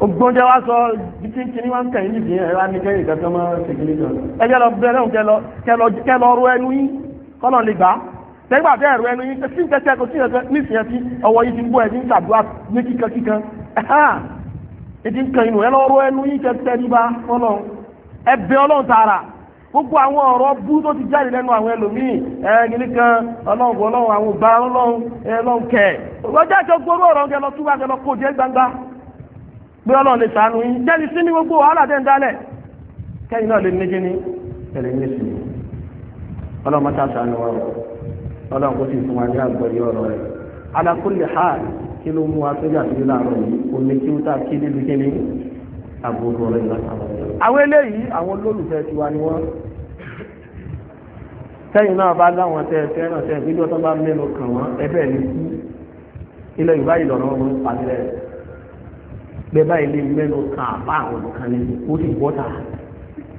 ògbóúnjẹ wá sọ títí kìíní wá ń kẹ̀yìn nìdí ẹ̀rọ anìkẹ́yìn kankan mọ́ ṣèkìlì kan ẹjẹ́ lọ bẹ̀rẹ̀ òun kẹlọ ru ẹnu yín kọ́nà lè gbà á lẹ́gbà bẹ́ẹ̀ ru ẹnu yín sí kẹsẹ́ kò sí ẹ̀kẹ́ nísìnyẹn sí ọwọ́ yìí ti ń bọ́ ẹ̀dín tàdúrà ní kíkan kíkan ẹ̀dín kan inú ẹ lọ ru ẹnu yín kẹsẹ́ níbà kọ́nà ẹbẹ̀ ọlọ́run tààrà gbogbo àwọn ọ̀rọ̀ bú tó ti jáde lẹ́nu àwọn ẹlòmíì ẹ̀ẹ́gìlì kan ọlọ́run ọlọ́run àwọn ọba ọlọ́run ọjọ́ ìjọ ọ̀rọ̀ ń kẹ lọ gbangba pé ọlọ́run lè sànú yín jẹ́ni sí ní gbogbo wàhálà tẹ́ ń dálẹ̀ kẹ́yìn náà lè ní kí ni ní ọlọ́run mọ́ta sànú wa o ọlọ́run kò sì fún wa ní àgbọ̀yé ọ̀rọ̀ rẹ̀ ala kulli kí ló mú wa tó yà sí láàárọ̀ yìí omi kí ó tà kí níbi kí ni àbúrò rẹ̀ látàwọn. àwọn eléyìí àwọn olólùfẹ́ tiwa ni wọ́n tẹ́yìn náà bá láwọn tẹ́ fẹ́ràn tẹ́ bẹ́ẹ̀ báyìí lè mẹ́nu kan àbá àwọn olùkan ní ó sì bọ́ta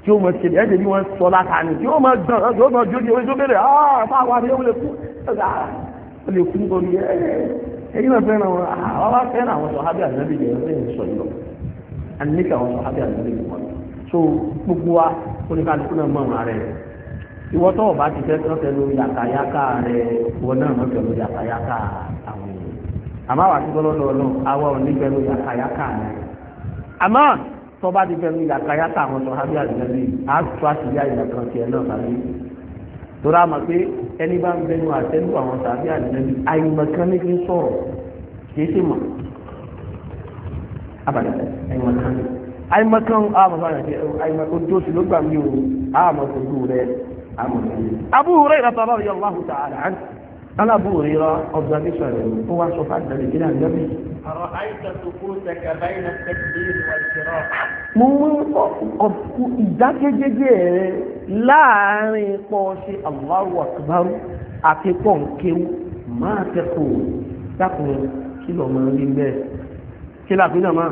tí ó mọ̀ ṣe ẹ̀jẹ̀ bí wọ́n sọ láta ni tí ó mọ̀ dán ẹ̀jẹ̀ ó mọ̀ jó di ojú bẹ̀rẹ̀ ah fáwọn àbí ó lè kú ó lè kú nǹkan ní eh, ẹ̀yìn náà fẹ́ràn wọn àwọn ah, fẹ́ràn àwọn sọ̀hábì ànábì yẹn ń sọ yìí lọ àníkà àwọn sọ̀hábì ànábì yẹn wọn so gbogbo wa oníkàlùkù náà mọ̀ wọn rẹ̀ ìwọ́tọ̀ ọ̀bá ti fẹ́ tán tẹnu yàkàyàkà rẹ̀ wọn náà mọ̀ tẹnu yàkàyàkà rẹ̀ àmọ́ àwọn àti gbọ́dọ̀ lọ́wọ́ àwọn ò ní bẹ̀rù yàkàyàkà rẹ̀ àmọ́ tọ́ba ti bẹ̀rù yàkàyàkà àwọn sọ hábíà lẹ́bí á tó àtìyá ìlà kan tiẹ̀ náà tàbí torí àmọ́ pé ẹni bá ń bẹnu àtẹ́lú àwọn tàbí àlẹ́bí àyùmọ̀kan ní fi ń sọ̀rọ̀ kì í sì mọ̀ abàdà àyùmọ̀kan ní àyùmọ̀kan àmọ̀ bá yàtọ̀ àyùmọ̀kan ojú oṣù ló gbà mí o àmọ̀ tó dùn rẹ̀ àmọ̀ tó dùn. Abu Hurairah radiyallahu ta'ala alábò ríra observation rẹ̀ tó wá sọ fáàdì lẹ́yìn ìdílé àjẹmí. ọ̀rọ̀ àìsàn tó kú sẹ̀kẹ̀ báyìí náà tẹ̀sí ìwà ìṣẹ̀rọ. mo mú ìdákẹ́jẹ́jẹ́ rẹ láàárín pọ̀ ṣe Allahu akbar àti pọ̀ ń kéwú máa kẹ́kọ̀ọ́ dákun kí lọ́ọ́ máa rí bẹ́ẹ̀ kí láàbí náà máa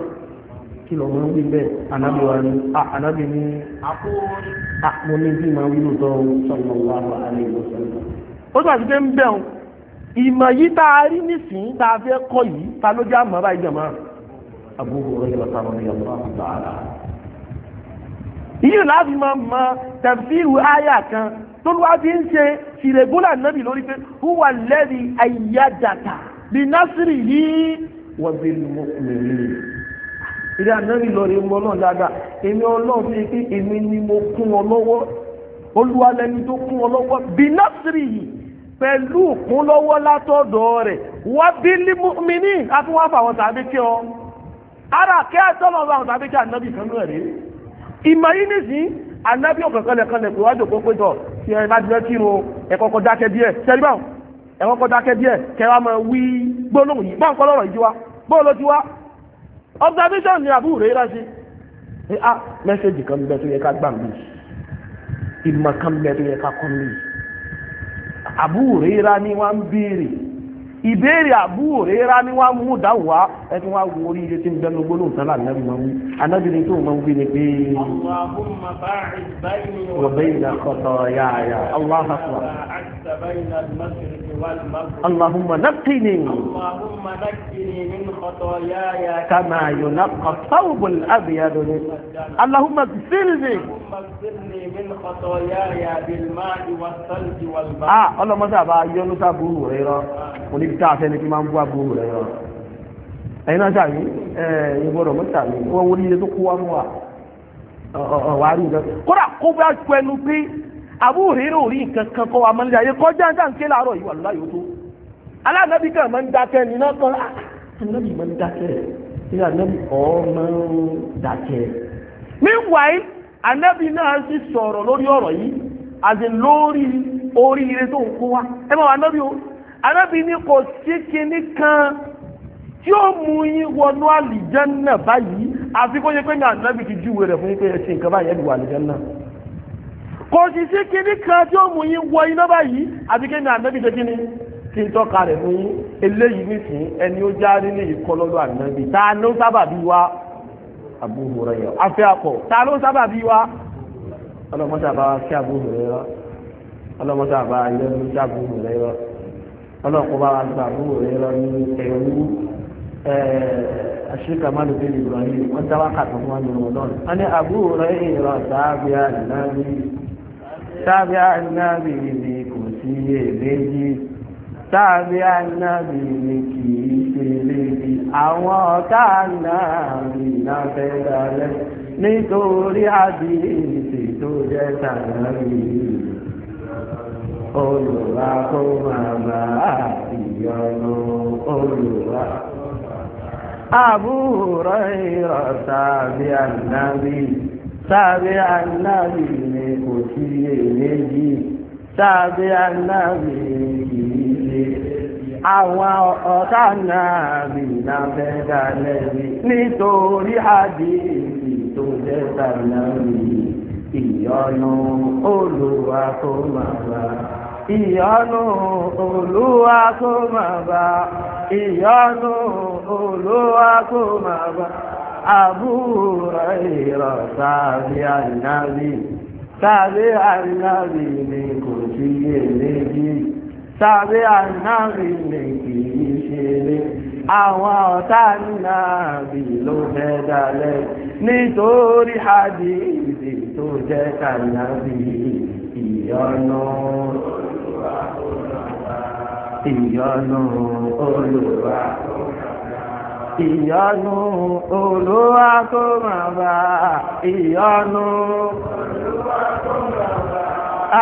kí lọ mọ́ wí bẹ́ẹ̀ anábì wa ni anábì ni mo ní bí máa wí lóòótọ́ sọ̀rọ̀ wà wà á ó sọ pé ń bẹ̀ ìmọ̀ yìí tá a rí nísìnyí tá a fẹ́ kọ́ yìí ta ló jẹ́ àmọ́ báyìí jẹ̀mọ́ Abu Hurairah radiyallahu ta'ala. yìí láti máa mọ tafsiru àyà kan tó ló wá fi ń ṣe fìrègúnlà nàbì lórí pé huwa alladhi ayyadaka bi nasrihi wa bil mu'minin ìdí ànábì lọ rí mọ́ náà dáadáa èmi ọlọ́run fi pé èmi ni mo kún ọ lọ́wọ́ olúwa tó kún ọ lọ́wọ́ bí násìrì yìí pẹ̀lú ìkúnlọ́wọ́ látọ̀dọ̀ rẹ̀ wọ́n bí límúmíní láti wọ́n fà wọn tàbí kí ọ ara kẹ́ ẹ̀tọ́lọ́ wọn tàbí kí ànábì kan náà rí ìmọ̀ yìí nìsín ànábì ọ̀kankanlẹ̀ kanlẹ̀ pé wájú òpó péjọ tí ẹ bá jẹ́ kírun ẹ kọ́kọ́ dákẹ́ díẹ̀ sẹ́rí báwọn ẹ kọ́kọ́ dákẹ́ díẹ̀ kẹ́ wá máa wí gbólóhùn yìí báwọn kọ́ ah mẹ́sẹ̀jì kan bẹ tó yẹ ká gbà mí kọ́ àbúrẹ́ra ni wọ́n ń béèrè ìbéèrè àbúrẹ́ra ni wọ́n mú dáhùn wá ẹni wọ́n wo orí iye tí ń bẹnu gbólóhùn sálà ànábì máa ń wí ànábì ni tó máa wí ni pé. Allahumma ba'id bayni wa bayna khataaya. Allahu akbar. بين المشرق والمغرب اللهم نقني اللهم نقني من خطاياي كما ينقى الثوب الابيض اللهم اغسلني اللهم اغسلني من خطاياي بالماء والثلج والبحر اه اللهم صل على يونس ابو هريره ونبي تعالى نبي ما ابو هريره ẹ̀yin náà sàmì ẹ̀yin gbọ́dọ̀ mọ́ sàmì wọ́n wọlé ilé tó kó wá mú wa ọ̀wárí nǹkan kódà Abu rí nǹkan kan kọ́ wa máa ń lé ayé kọjá ń dáǹké láàárọ̀ yìí wà láyò tó aláàbí kan máa ń dákẹ́ ní kan ah, aláàbí máa ń dákẹ́ ní aláàbí ọ̀ máa ń dákẹ́. meanwhile anábì náà sì sọ̀rọ̀ lórí ọ̀rọ̀ yìí àti lórí oríire tó ń kó wa ẹ máa wà anábì o anábì ní kò sí kinní kan tí ó mú yín wọnú àlìjánná báyìí àfi kó pé ní anábì ti júwe rẹ̀ fún yín pé ẹ ṣe nǹkan báyìí ẹ kò sì sí kíní kan tí ó mú yín wọ iná báyìí àbí kí ni ànábì tó kíní kí n tọ́ka rẹ̀ fún yín eléyìí nìsín ẹni ó já rí ní ìkọlọ́lọ́ ànábì ta ló sábà bí wa Abu Hurairah afẹ́ akọ̀ ta ló sábà bí wa ọlọ́mọdé àbá sí Abu Hurairah ọlọ́mọdé àbá ilé ní sí Abu Hurairah ọlọ́kọ̀ọ́bá àgbà Abu Hurairah ní ẹ̀rú àṣíkà máa lòdì Ibrahim wọ́n dáwà kàtàkùn wọn ní ọmọdọ́nù. wọ́n ní Abu Hurairah sábíà nàbí sábẹ́ ànábì ni kò sí èléjì sábẹ́ ànábì ni kì í ṣe lébi àwọn ọ̀tá ànábì náà fẹ́ dalẹ̀ nítorí àdìsí tó jẹ́ tànábì olùwà kó si bá ìyọnu olùwà. sáàbẹ́ aláàbì ni kò sí èlé yìí sáàbẹ́ aláàbì yìí lè àwọn ọ̀tá aláàbì náà dalẹ̀ rí nítorí isi, tó jẹ́ sàlámì ìyọnu olùwà kó máa bá ìyọnu أبو هريرة تابع النبي تابع النبي من كل نبي تابع النبي من كل شيء àwọn ọ̀tá nàbì ló fẹ́ dalẹ̀ nítorí hadithi tó jẹ́ kànábì ìyọnu ìyọnu olùwà ìyọnu olúwa kó máa bá ìyọnu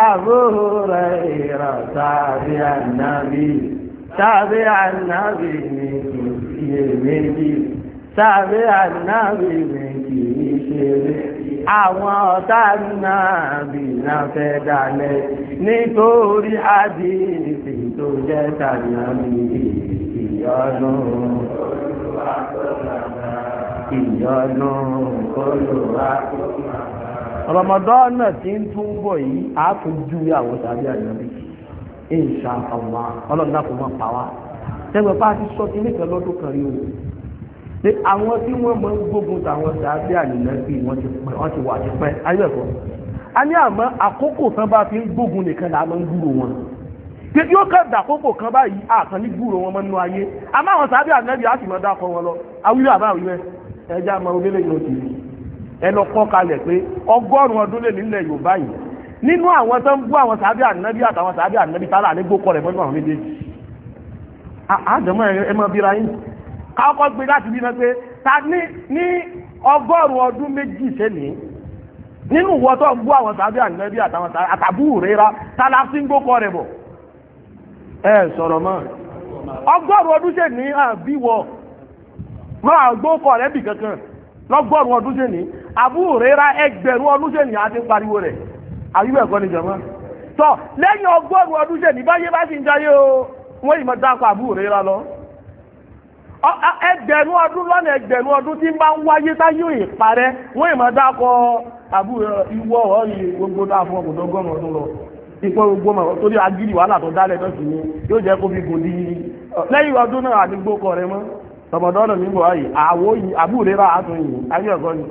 àbúrò rẹ̀ ìrọ̀ta àbí ànábì tàbí ànábì ní ìyè méjì tàbí ànábì ní kìí ṣe àwọn ọ̀tá ànábì náà fẹ́ dalẹ̀ nítorí àdìsí tó jẹ́ tànábì ìyọnu ìyọnu olùwà. Ramadan tí ń tún bọ̀ yìí a tún ju àwọn tàbí àyànbí insha Allah ọlọ́run náà kò mọ̀ pa wá tẹ́gbẹ̀ bá ti sọ ti nìkan lọ́dún kan rí o pé àwọn tí wọ́n mọ̀ ń gbógun tàwọn tàbí àyànbí wọ́n ti wà ti pẹ́ ayé ẹ̀kọ́ a ní àmọ́ àkókò tán bá fi ń gbógun nìkan là á ń dúró wọn débi ó kàn dàkókò kan báyìí àkàn ní gbúrò wọn mọ́nú ayé àmọ́ àwọn sábẹ́ ànábì á sì mọ́ dákọ̀ wọn lọ awúrẹ́ àbá àwúrẹ́ ẹjẹ́ àmọ́ orílẹ̀ yóò ti rí ẹ lọ kọ́ kalẹ̀ pé ọgọ́rùn-ún ọdún lè nílẹ̀ Yorùbá yìí nínú àwọn tó ń bú àwọn sábẹ́ ànábì àtàwọn sábẹ́ ànábì tálà ní gbókọ̀ rẹ̀ mọ́nú àwọn méjèèjì àjọmọ́ ẹ mọ́ bíra yín káwọ́kọ́ gbé láti bí náà pé ta ní ọgọ́rùn-ún ọdún méjì sẹ́nìí nínú ìwọ tó ń bú àwọn sábẹ́ ànábì àtàwọn sábẹ́ àtàbúrò rẹ̀ rá tálà sí gbókọ̀ rẹ̀ bọ̀ ẹ sọ̀rọ̀ mọ́ ọgọ́rùn ọdún ṣe ní àbíwọ̀ máa gbókọ̀ rẹ̀ bì kankan lọ́gọ́rùn ọdún ṣe ní àbúrẹ́ra ẹgbẹ̀rún ọdún ṣe ní àti pariwo rẹ̀ àyíwẹ̀ ẹ̀kọ́ ni jọ̀mọ́ tọ́ lẹ́yìn ọgọ́rùn ọdún ṣe ní báyé bá ń o wọ́n yìí dákọ̀ lọ ẹgbẹ̀rún ọdún lọ́nà ẹgbẹ̀rún ọdún tí ń bá ń wáyé táyé ipò gbogbo mọ̀ torí agídì wàhálà tó dálẹ̀ tó sì ní yóò jẹ́ kó fi gùn di lẹ́yìn ọdún náà àdúgbò kọ rẹ mọ́ tọmọdọ́nà nígbò ayé àwọ̀ yìí àbúrò rà á tún yìí ayé ọ̀gọ́ ni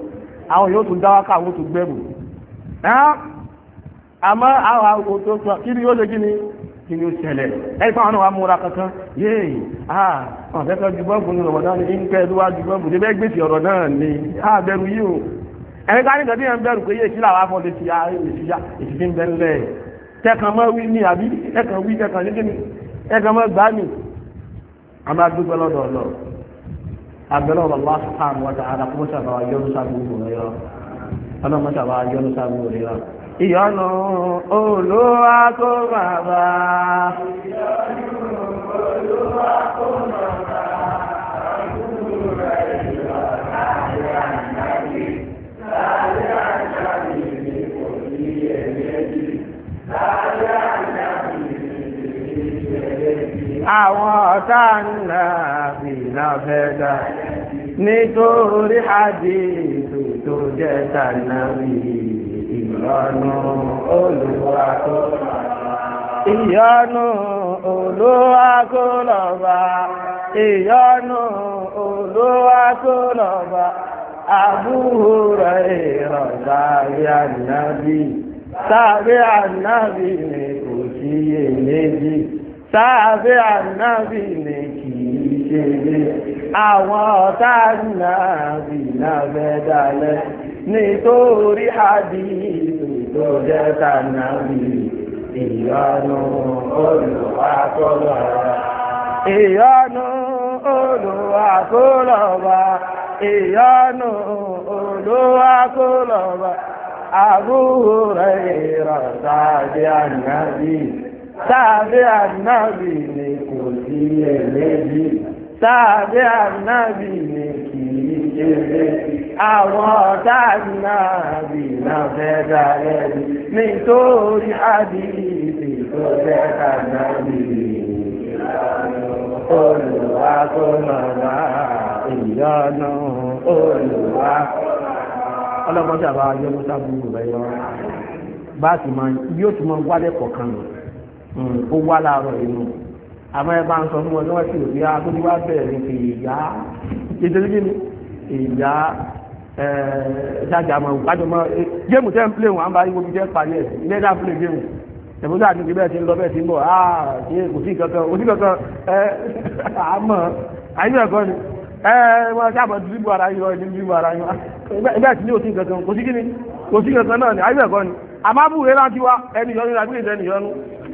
àwọn yóò tún dáwọ́ káwọn tún gbẹ̀mù. àmọ́ àwọn àwọn tó sọ kí ni yóò ṣe kí ni kí ni ó ṣẹlẹ̀ ẹ fún àwọn àwọn amúra kankan yéè ah ọ̀fẹ́fẹ́ ju bọ́ọ̀bù ní ọ̀rọ̀ náà ní nkẹ́ ló wá ju bọ́ọ̀bù débẹ́ gbèsè ọ̀rọ̀ náà ni á bẹ̀rù yìí o ẹ̀ka ní ìgbà tí yẹn ń bẹ̀rù pé yéè kí làwọn afọ lè fi èsì ń bẹ̀rù tẹ́kàn mọ́ wí ní àbí tẹ́kàn wí tẹ́kàn ní kíni tẹ́kàn mọ́ gbá mi a máa dúpẹ́ lọ́dọ̀ ọ̀lọ́ àbẹ̀lọ́ Allah subhanahu wa ta'ala kó sábà yọrù sábúrò rẹ̀ yọ ọlọ́mọ sábà yọrù sábúrò rẹ̀ rẹ̀ yọ láyé àyàyé láyé àwọn ọ̀tá ńlá bìnà nitori nítorí àdìsù tó jẹ́ tànàbí ìyọnu olúwa tó ìyọnu oluwa kó lọ́ba ìyọnu olúwa kó lọ́ba àbúrò ìrọ̀lá rí ní òṣìyè méjì. tàbí ànábì lè kìí í ṣeré àwọn ọ̀tá ànábì lábẹ́ nítorí àdìsù tó jẹ́ tànábì àbúrò rẹ̀ tàbí ànábì. Tàbí ànábì ni kò sí ẹlẹ́bí. Tàbí ànábì ni kì í ṣeré. Àwọn ọ̀tá ànábì náà fẹ́ darẹ̀ ni. Nítorí àdìsí tó fẹ́ ànábì olùwà tó màmá ìyọnu olùwà. Ọlọ́mọdé àbáyọ́ mọ́tàbùrù rẹ̀ yọ. Bá a ti máa yóò tún máa wálẹ̀ kọ̀ọ̀kan lọ. Hmm, ó wá láàárọ̀ inú àmọ́ ẹ bá ń sọ fún wọn ní wọ́n sì rí agbóni ah, wá bẹ̀rẹ̀ ní pé ìyá ìdílé kí ni ìyá jájà mọ̀ ìwádìí mọ̀ eh, géèmù tẹ́ ń plé wọn bá yíwo bí jẹ́ parí ẹ̀ ilé dá plé géèmù ẹ̀fọ́ sáà níbi bẹ́ẹ̀ ti ń lọ bẹ́ẹ̀ ti ń bọ̀ áà ah, ṣe kò sí kankan kò sí kankan ẹ àmọ́ [LAUGHS] àyínú ẹ̀kọ́ ni ẹ wọn sábà ni àmọ́ àbúrò láti wá ẹni yọnu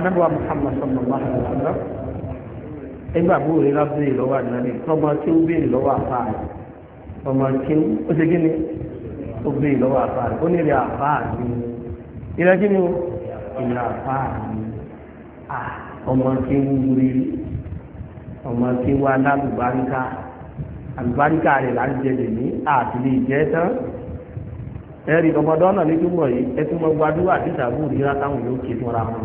anábọ̀ Muhammad sallallahu alaihi wa sallam ẹgbẹ́ àbúrò rẹ̀ lábẹ́rẹ́ lọ́wọ́ àdínábì tọ́mọ tí ó béèrè lọ́wọ́ àpá rẹ̀ ọmọ tí ó ṣe gíní ó béèrè lọ́wọ́ àpá rẹ̀ ó ní ìrẹ̀ àpá rẹ̀ ìrẹ̀ gíní o ìrẹ̀ àpá rẹ̀ ọmọ tí ń wúri ọmọ tí wá lálùbáríkà àlùbáríkà rẹ̀ là ń jẹ lèmi àtìlẹ́ ìjẹ́ tán ẹ̀rí ọmọdé ọ̀nà lójúmọ̀ ẹ tún mọ gbadúrà àti ìṣàbùrù yìí látàwọn yóò ké fúnra wọn.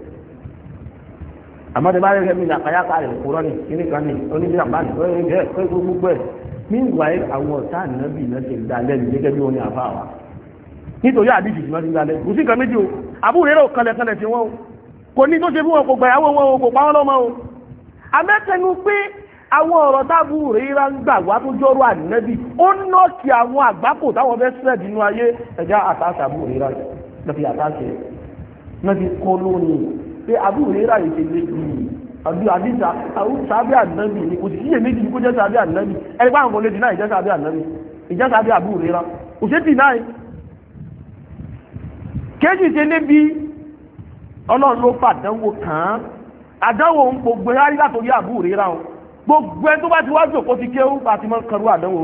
àmọ́ tẹ bá rẹ̀ mi làkàyàkà rẹ̀ kúrọ́ ni kíní kan ni oníjàmbá ni ó yẹ kó gbogbo ẹ̀ níwà ẹ̀ àwọn ọ̀tá ànábì náà ti dá lẹ́nu gẹ́gẹ́ bí wọn ni àfa wa nítorí àdìsí tí wọ́n ti dá lẹ́nu kò sí nǹkan méjì o àbúrò rẹ̀ ò kanlẹ̀ kanlẹ̀ sí wọn o kò ní tó ṣe fún wọn kò gbàyàwó wọn o kò pa wọn lọ́mọ o amẹ́tẹnu pé àwọn ọ̀rọ̀ tábù rírà ń gbà wá tó jọ́rọ̀ ànábì ó nọ́ọ̀kì àwọn àgbákò táwọn fẹ́ sẹ̀ nínú ayé ẹ̀já àtàṣàbù rírà lọ́fi àtàṣe lọ́fi kọ́ lónìí pé abúrò rírà ìṣèlè àbí àdíjà sábẹ́ ànábì ni kò sí iye méjì kó jẹ́ sábẹ́ ànábì ẹni báwọn kan lè dínà ìjẹ́ sábẹ́ ànábì ìjẹ́ sábẹ́ àbúrò rírà kò ṣe dínà kéjì ṣe níbi ọlọ́run ló fàdánwò kàn án àdánwò ń gbogbo rárí látòrí abu rírà o gbogbo ẹ tó bá ti wá ti kanú àdánwò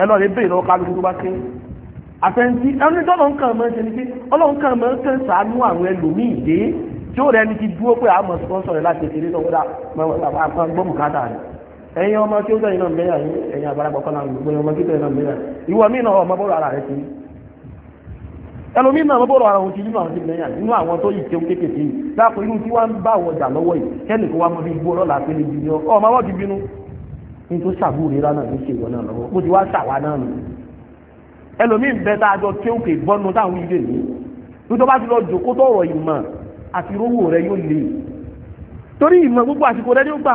ẹ lọ kálukú tó bá ẹni tó tí ó rẹ̀ ní ti dúró pé àmọ̀ sponsor rẹ̀ láti ṣeré tó wọ́dà gbọ́mù káàdà rẹ̀ ẹ̀yin ọmọ kí ó tẹ̀yìn náà mẹ́yà yín ẹ̀yin àgbàlagbà kọ́lá gbogbo ọmọ kí tẹ̀yìn náà mẹ́yà ìwọ mí náà ọmọ bọ́ọ̀rọ̀ ara rẹ̀ ti ẹlòmí náà ọmọ bọ́ọ̀rọ̀ ara òun ti nínú àwọn ti mẹ́yà nínú àwọn tó yìí tẹ́ kéékèèké lápò inú tí wọ́n bá wọ jà lọ́wọ́ yìí kẹ́nì kó wá mọ́ àti rówó rẹ yóò lè torí ìmọ̀ gbogbo àsìkò rẹ yóò gbà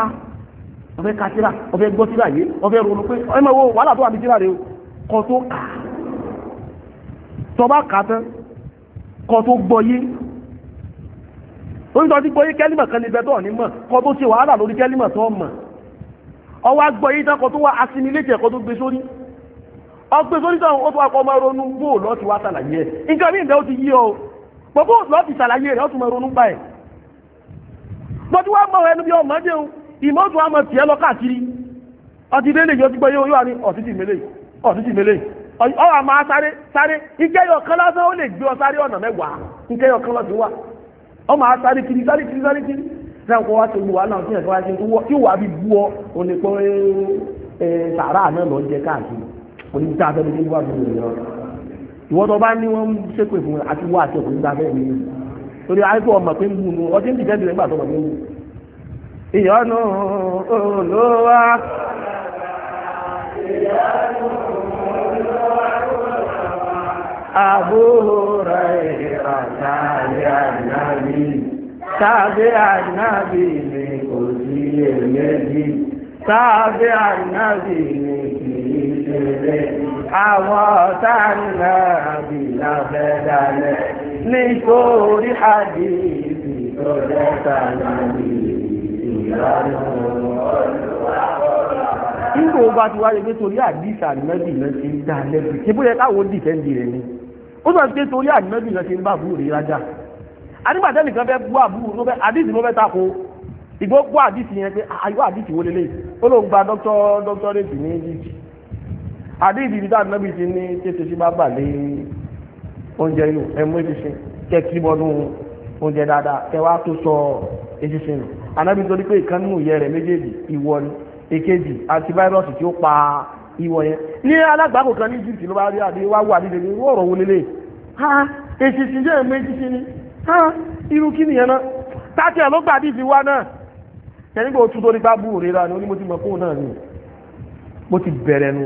ọ̀fẹ́ ka tíra ọ̀fẹ́ gbọ́ tíra yé ọ̀fẹ́ ronú pé ẹ máa wo wàhálà tó wà ní tíra rẹ kọ tó kà tọba kà tán kọ tó gbọ́ yé orí tó ti gbọ́ yé kẹ́límọ̀ kan níbẹ̀ tó ní mọ̀ kọ tó ṣe wàhálà lórí kẹ́límọ̀ tó mọ̀ ọwọ́ agbọ́ yé tán kọ tó wá asimilétẹ̀ kọ tó gbé sórí ọgbẹ́ sórí tán ó tó akọ ọmọ ronú gbòòlọ́ ti gbogbo lọ́ọ̀tì ṣàlàyé rẹ̀ ọ̀tún mẹ́rin onúgbà ẹ̀ gbọ́dú wá mọ̀ ẹnu bí ọmọdé o ìmọ̀ òtún àmọ̀ tiẹ̀ lọ káàkiri ọtí délé yóò ti sáré sáré lásán ó lè gbé ọ sáré ọ̀nà mẹ́wàá sáré kiri sáré kiri a ìwọ́n tó bá ní wọ́n ń ṣépè fún àti wọ́n àti ọkùnrin gbà bẹ́ẹ̀ nínú torí àìkú ọmọ pé ń bu nu ọdún ti jẹ́bi nígbà tó wà nínú. ìyọnu olówá. àbúrò rẹ̀ ìrànlá yà nàbí tàbí ànábì ni kò sí èméjì tàbí ànábì ni kì í ṣe lẹ́yìn àwọn ọ̀tá náà bí lábẹ́ dalẹ̀ nítorí àdìsí tó lẹ́ta lábí ìlànà Ìgbò bá ti wáyé pé torí àdìsí àdìmẹ́bì náà ti ń dá lẹ́bì. Ṣé bóyá káwọn dìfẹ́ǹdì rẹ̀ ni? Ó sọ pé torí àdìmẹ́bì náà ti ń bá àbúrò rí rájà. Àdìgbàtẹ́ nìkan fẹ́ bú àbúrò àdìsí ló fẹ́ tako ìgbó gbọ́ àdìsí yẹn pé àyíwá ah, àdìsí wo lélẹ́yìí ó lóun gba dókítà dókítà rèétì ní egypt àdéhìdì ìdí táàdì náà bí ti ní tètè sí bá bà lé oúnjẹ inú ẹmú ìṣiṣẹ́ kẹ kí bọ́dún oúnjẹ dáadáa kẹ wá tó sọ ìṣiṣẹ́ nù anábì torí pé ìkan nínú ìyẹ́ rẹ̀ méjèèjì ìwọ ni èkejì antivirọ́ọ̀sì tí ó pa ìwọ yẹn ní alágbàákò kan ní Egypt ló bá rí àdé wá wà nídìí ní ọ̀rọ̀ wo lélẹ̀ ha èsì sì jẹ́ ẹ̀mú ìṣiṣẹ́ ni ha irú kí nìyẹn náà tàtí ẹ̀ ló gbàdí ìfiwá náà kẹ́ nígbà ó tún torí gbá búrò rẹ̀ rà ni ó ní mo ti mọ̀ fóun náà ni mo ti bẹ̀rẹ̀ nu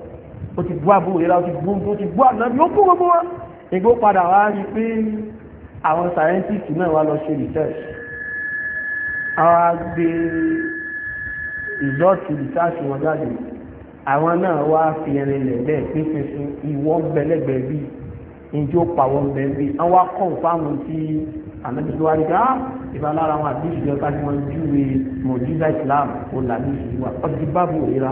ó ti bú àbúrò ìlà ó ti bú ó ti bú ànábì ó bú gbogbo wọn ìgbó padà wá rí pé àwọn sáyẹ́ntìsì náà wá lọ ṣe research àwọn agbè ìdọ́tù research wọn jáde àwọn náà wá fi ẹrin lẹ̀ bẹ́ẹ̀ pé fífún ìwọ́ bẹ́lẹ́gbẹ́ bí ìjó pàwọ́ bẹ́ẹ̀ bí wọ́n wá kọ̀ fáwọn tí ànábì tó wá rí ká ah, ìfàlára wọn àbí ìṣèjọba tí wọ́n júwe mọ̀jíṣà Islam kò làbí ìṣèjọba ọtí bábù òyìnbá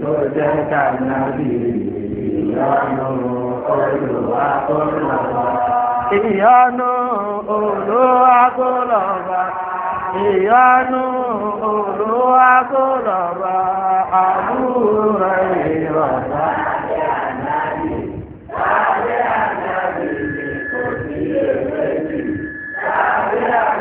ترجعك عن عبيدي إيان أولو أقلبا إيان أولو أقلبا إيان أولو أقلبا أبو هريرة Yeah.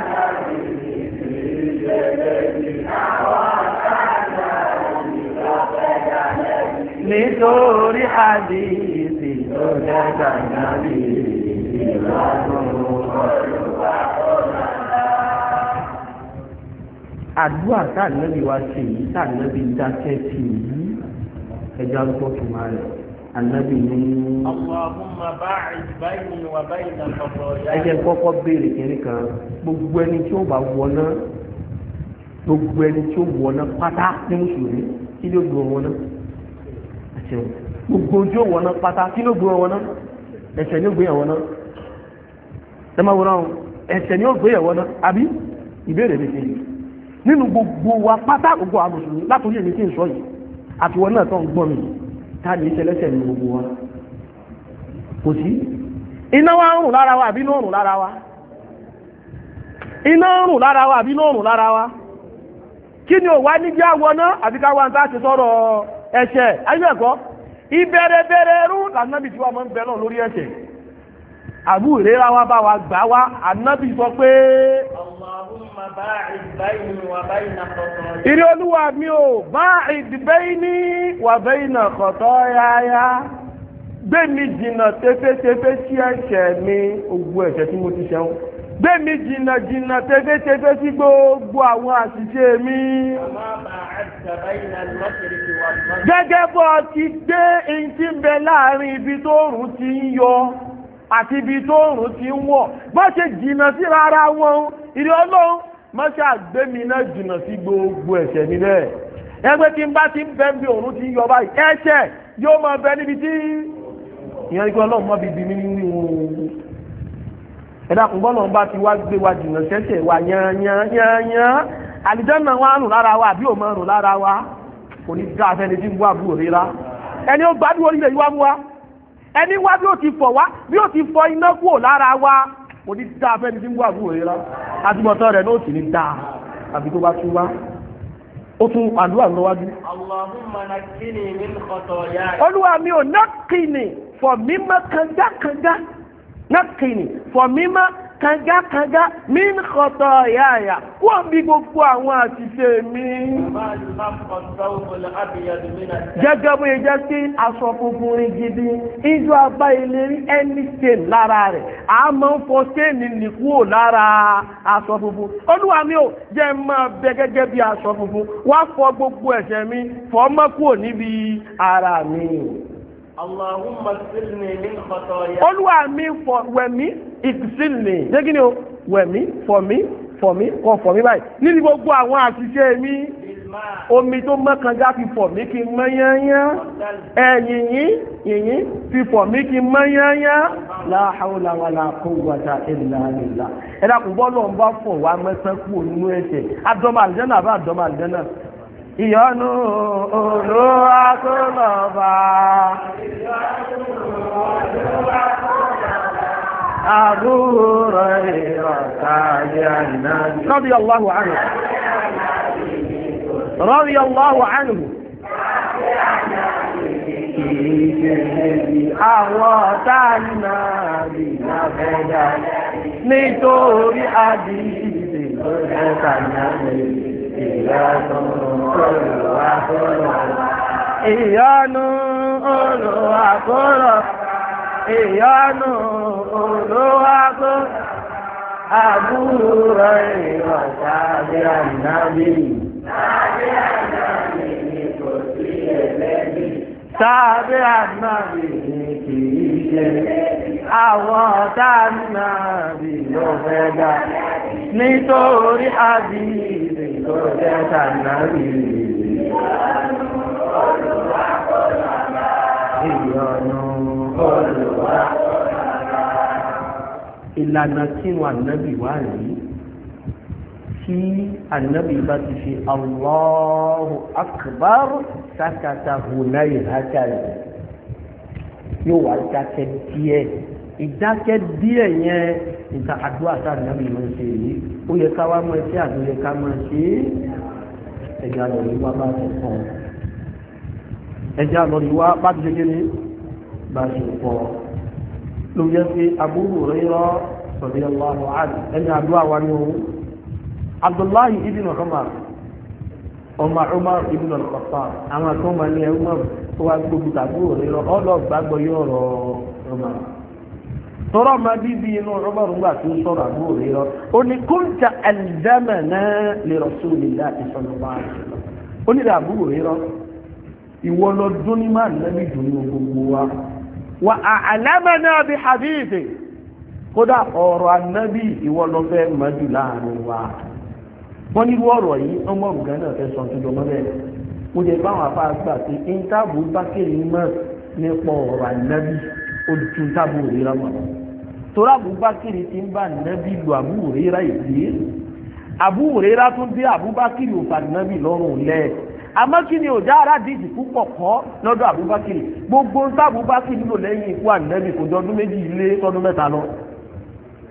nítorí àdìsí tó dẹ́gbà náà bí ìlànà ọ̀rọ̀ àdúrà táàlẹ́bí wa ṣe yìí táàlẹ́bí dákẹ́ sí yìí ẹjọ́ ń gbọ́ máa rẹ̀ ànábì ní. Allahumma ba'id bayni wa bayna khataaya. ẹ jẹ́ kọ́kọ́ béèrè kínní kan gbogbo ẹni tí ó bá wọná gbogbo ẹni tí ó wọná pátá ní mùsùlùmí kí ló gbọ́ wọná. gbogbo ojú òwò náà pátá ni gbé ma ni gbé abi? nínú gbogbo wa pátá gbogbo àmùsùn látòrí èmi tí ń sọ yìí náà gbọ́n mi ní ní wa kò sí iná ń rùn lára wa àbí lóòrùn lára wa iná ń rùn wa àbí lóòrùn lára wa kí ẹ̀ṣẹ̀ ayẹ́kọ́ ìbẹ̀rẹ̀bẹ̀rẹ̀ ẹrú lànàbì tí wọ́n máa ń bẹ̀ náà lórí ẹ̀ṣẹ̀ àbú ìrera wa bá wa gbà wá ànábì sọ pé. ìrí olúwa mi ò bá ìdìbẹ́yìní wà bẹ́yìnà kọ̀tọ́ yáyá gbé mi jìnnà tẹ́fẹ́tẹ́fẹ́ sí ẹ̀ṣẹ̀ mi ògbó ẹ̀ṣẹ̀ tí mo ti ṣẹ̀wọ̀n gbé mi jìnnà jìnnà tẹ́fẹ́tẹ́fẹ́ sí gbogbo àwọn àṣìṣe mi gẹ́gẹ́ bó ti gbé ìtí ń bẹ láàrin ibi tó rùn ti ń yọ àti ibi tó rùn ti ń wọ̀ bó ṣe jìnnà sí rárá wọn ìrì ọlọ́run mọ́ṣẹ́ àgbẹ̀mí náà jìnnà sí gbogbo ẹ̀ṣẹ̀ mi náà ẹgbẹ́ tí ń bá ti ń bẹ́ bí òrùn ti ń yọ báyìí ẹ̀ṣẹ̀ yóò máa bẹ níbi tí ìyẹn ní kí ọlọ́run má bíbí mi nínú ìwọ̀n ẹ̀dá kùnbọ́n náà bá àlìjọ́nà wa ń rùn lára wa àbí òmọ rùn lára wa kò ní dá afẹ́ni tí ń wá bú òrera ẹni ó gbádùn orílẹ̀ yìí mú wa ẹni wá bí ó ti fọ̀ wá bí ó ti fọ iná kúrò lára wa kò ní dá afẹ́ni tí ń wá bú òrera àtúbọ̀tán rẹ̀ ní ó sì ní dá àbí tó bá tún wá ó tún àdúrà lọ́wájú. olúwa mi ò nákìnì fọ̀ mímọ́ kanjákanjá nákìnì fọ̀ mímọ́ kangakanga min kọtọ yáàyà wọ́n bí gbogbo àwọn àṣìṣe mi. gẹ́gẹ́ bó jẹ́ sí aṣọ funfun rin gidi ijó abá ilé rí ẹni stain lára rẹ̀ a máa ń fọ stain nìkú ò lára aṣọ funfun olúwa mi ò jẹ́ máa bẹ gẹ́gẹ́ bí aṣọ funfun wá fọ gbogbo ẹ̀ṣẹ̀ mi fọ́ mọ́kù ò níbi ara mi olúwa mi fọ wẹ̀mí ìsìnlẹ̀ jẹ́gí ni o wẹ̀mí fọ̀mí fọ̀mí kọ fọ̀mí báyìí níbi gbogbo àwọn àṣìṣe mi omi tó mọ́kànjá fi fọ̀mí kí mọ́ yányán ẹ̀yìn yìí yìnyín fi fọ̀mí kí mọ́ yányán la hawla wala quwwata illa billah ẹ̀dá kò bọ́ lọ́n bá fọ̀ wá mẹ́sàn-án kú òun nínú ẹ̀ṣẹ̀ adọ́mọ àlùjànnà àbá àdọ́mọ àlùjànnà ìyọnu olúwa tó lọ bá. Abu Hurairah tàbí àná. Rọ́bì Allahu anhu. Rọ́bì Allahu Àwọn ọ̀tá náà bí náà ìyọ́nú olùwàkúrọ̀ ìyọ́nú olùwàkúrọ̀ àbúrò ìwọ̀ta bí ànábì. Tàbí ànábì ni kò sí ẹlẹ́bí. Tàbí ànábì ni kìí ṣe. Àwọn tánábì ló fẹ́ dá. Nítorí àbí ìtọ́jẹ́ sànárì ìyọnu olùwà ìlànà tí wọn ànábì wá rí tí ànábì bá ti fi Allahu akbar sakata hùnà ìhájà rẹ̀ yóò wá jákẹ́ díẹ̀ ìdákẹ́ díẹ̀ yẹn ìta àdúrà sáà nàbì ló ń ṣe yìí ó yẹ ká wá mọ ẹsẹ àdó yẹ ká máa ṣe é ẹja lọ rí wá bá ṣe pọ ẹja lọ rí wá bá ti ṣe ní bá ṣe pọ ló yẹ kí Abu Hurairah radiyallahu anhu ẹni àdúrà wa ní òun Abdullahi ibn Umar ọmọ Umar ibn al-Khattab àwọn akọ́mọ ní ẹ̀ Umar tó wá gbógun tàbí òun rírọ ọlọ́ọ̀gbàgbọ́ yóò rọ Umar tọrọ ma bíbí inú Umar gbà tó sọ̀rọ̀ àbúrò rẹ lọ oníkóńtà alzamana li Rasulillah sallallahu alaihi wasallam onídàá àbúrò rẹ lọ ìwọ lọ dún ní máa nẹ́bí dùn ní gbogbo wa wa a'lamana bi hadithi kódà ọ̀rọ̀ anábì ìwọ lọ fẹ́ mọ́jú láàrin wa wọ́n ní wọ́ọ̀rọ̀ yìí ọmọ ọ̀gá náà fẹ́ sọ tuntun mọ́ mo jẹ́ báwọn afá gbà pé íńtàbù bákẹ́rì ojú tábù òrìrà wà torá Abubakiri ti ń bá nẹ́bí lu Abu Huraira ìdí Abu Huraira tún dé Abubakiri ò bá nẹ́bí lọ́rùn lẹ́ àmọ́ kí ni òjá aládìsí púpọ̀ kọ́ lọ́dọ̀ Abubakiri gbogbo ń tábùbákiri lò lẹ́yìn ikú ànẹ́bí kò jọ ọdún méjì ilé tọdún mẹ́ta lọ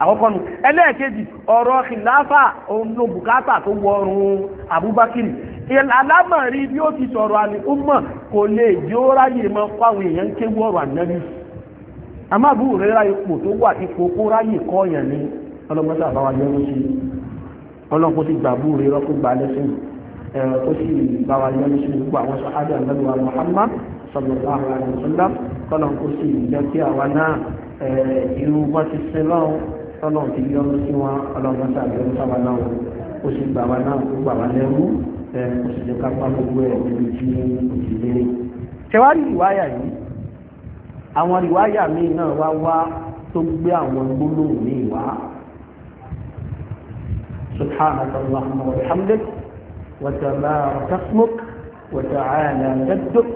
àkọ́kọ́ nu ẹlẹ́ẹ̀kejì ọ̀rọ̀ kìláfà ló bùkátà tó wọrùn Abubakiri alámọ̀rí bí ó ti sọ̀rọ̀ àní ó mọ̀ kò lè jó ráyè mọ́ fáwọn èèyàn kéwú ọ̀rọ̀ ànẹ́bí àmàbù rẹ̀ ra ipò tó wà ipò kó ráyè kọ́ọ̀yàn ní ọlọ́mọdé àbáwá yẹn ló ṣe ọlọ́pọ̀ ti gbàbú rẹ̀ rọ́pò gbà lẹ́sìn ó sì báwa yẹn ló ṣe gbogbo àwọn sàádà lẹ́gbàá Muhammad sallallahu alaihi wasallam kọ́lọ̀ kó sì jẹ́ kí àwa náà irú bá ti sin lọ́wọ́ tọ́lọ̀ ti yọrù sí wọn ọlọ́mọdé àbẹ̀wò sábà náà ó sì gbàwa náà ó gbàwa lẹ́rú ó sì jẹ́ ká pa gbogbo ti lé àwọn rìwáyà míì náà wá wá tó gbé àwọn gbólóhùn míì wá سبحانك اللهم وبحمدك وتبارك اسمك وتعالى جدك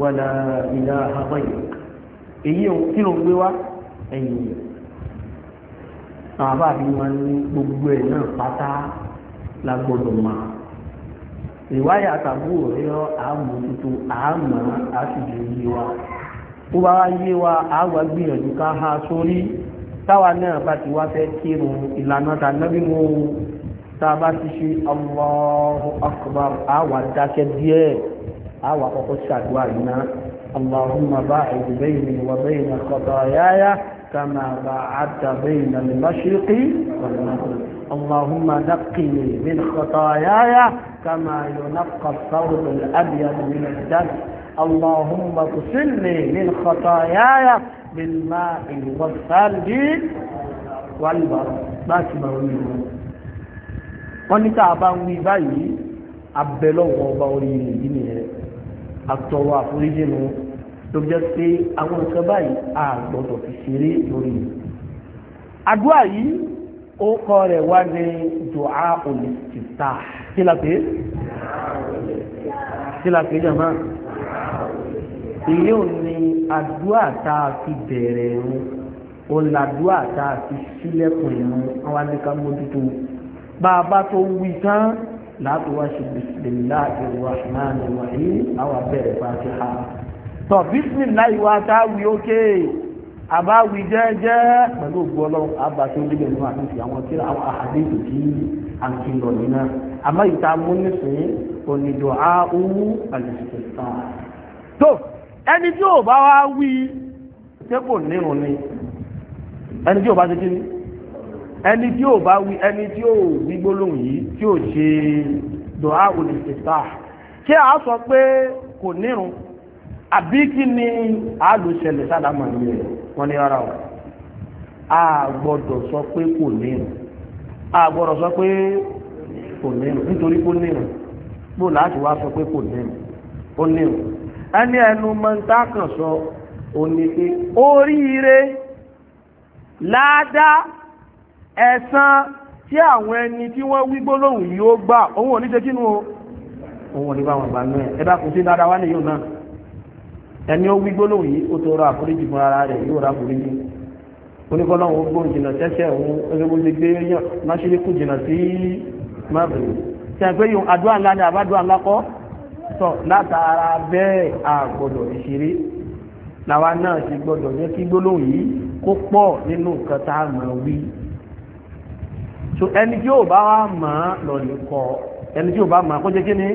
ولا إله غيرك èyí ò kí ló ń wọn ní gbogbo ẹ̀ náà pátá la gbọdọ̀ ìwáyà tàbí òrérọ́ àmójútó àmọ́ àṣìjú yìí wá ó bá yé wa àgbà gbìyànjú ká ha sórí táwa náà bá ti wá fẹ́ kírun ìlànà tàbí mo tá a bá ti ṣe Allahu akbar àwa dákẹ́ díẹ̀ àwa kọ́kọ́ ṣàdúrà yìí náà Allahumma ba'id bayni wa bayna khataayaya kama ba'adta bayna al-mashriqi wal-maghrib اللهم نقني من خطاياي كما ينقى الثوب الابيض من الدم اللهم اغسلني من خطاياي بالماء والثلج والبر láti máa wí wọn wọn ní tá a bá ń wí báyìí abẹ́lọ́wọ́ ọba oríire yìí nìyẹn àtọwọ́ àforíjì nu ló jẹ́ pé àwọn nǹkan báyìí a gbọ́dọ̀ fi ṣeré lórí mi. àdúrà yìí ó kọ́ rẹ̀ wá ní dùá olùsìtà kí la pé kí la pé jàmáà èyí ò ní àdúrà tá a fi bẹ̀rẹ̀ ẹ̀rùn òun làdúrà tá a fi sílẹ̀kùn ẹ̀rùn àwọn adéka mójútó bá a bá tó wí tán láti wá ṣe bisimilahi rahman rahim àwọn abẹ́rẹ́ fatiha tọ́ bisimilahi wa tá a wí ókè àbáwí jẹ́jẹ́ pẹ̀lú ògbó ọlọ́run àbáṣe orílẹ̀ ìlú àti àwọn tí àwọn àhàdéjì kí a ń nínú àmọ́ ìta mú nísìnyí onídọ̀á àlùfẹ́ tó ẹni tí ò bá wá wí ṣé nírun ni ẹni tí ò bá ṣe kí ni ẹni tí ò bá wí ẹni tí ò wí gbólóhùn yìí tí ò ṣe dùhà olùsèta ṣé a sọ pé kò nírun àbí kí ni àlùsẹ̀lẹ̀ sádàmà yìí wọ́n ní rárá o a gbọ́dọ̀ sọ pé kò nírun a gbọ́dọ̀ sọ pé kò nírun nítorí kò nírun bó láti wá sọ pé kò nírun ó nírun. ẹni ẹnu mọ́ntá kan sọ òní oríire ládàá ẹ̀san tí àwọn ẹni tí wọ́n gbà o òun ò bá náà ẹ kò sí dáadáa wá yóò náà ẹni ó wí gbólóhùn yìí ó tọrọ àforíjì fún ara rẹ̀ yóò rà àforíjì oníkọ́lọ́hùn gbóhùn jìnnà tẹ́sẹ̀ sọ látara bẹ́ẹ̀ àgbọ̀dọ̀ ìṣeré làwa náà ti gbọ́dọ̀ jẹ́ kí gbólóhùn yìí kó pọ̀ nínú nǹkan tá a mọ̀ wí so ẹni tí ò bá wá mọ̀ lọ́ọ̀lì kọ ẹni tí ò bá mọ̀ kó jẹ́ kí ni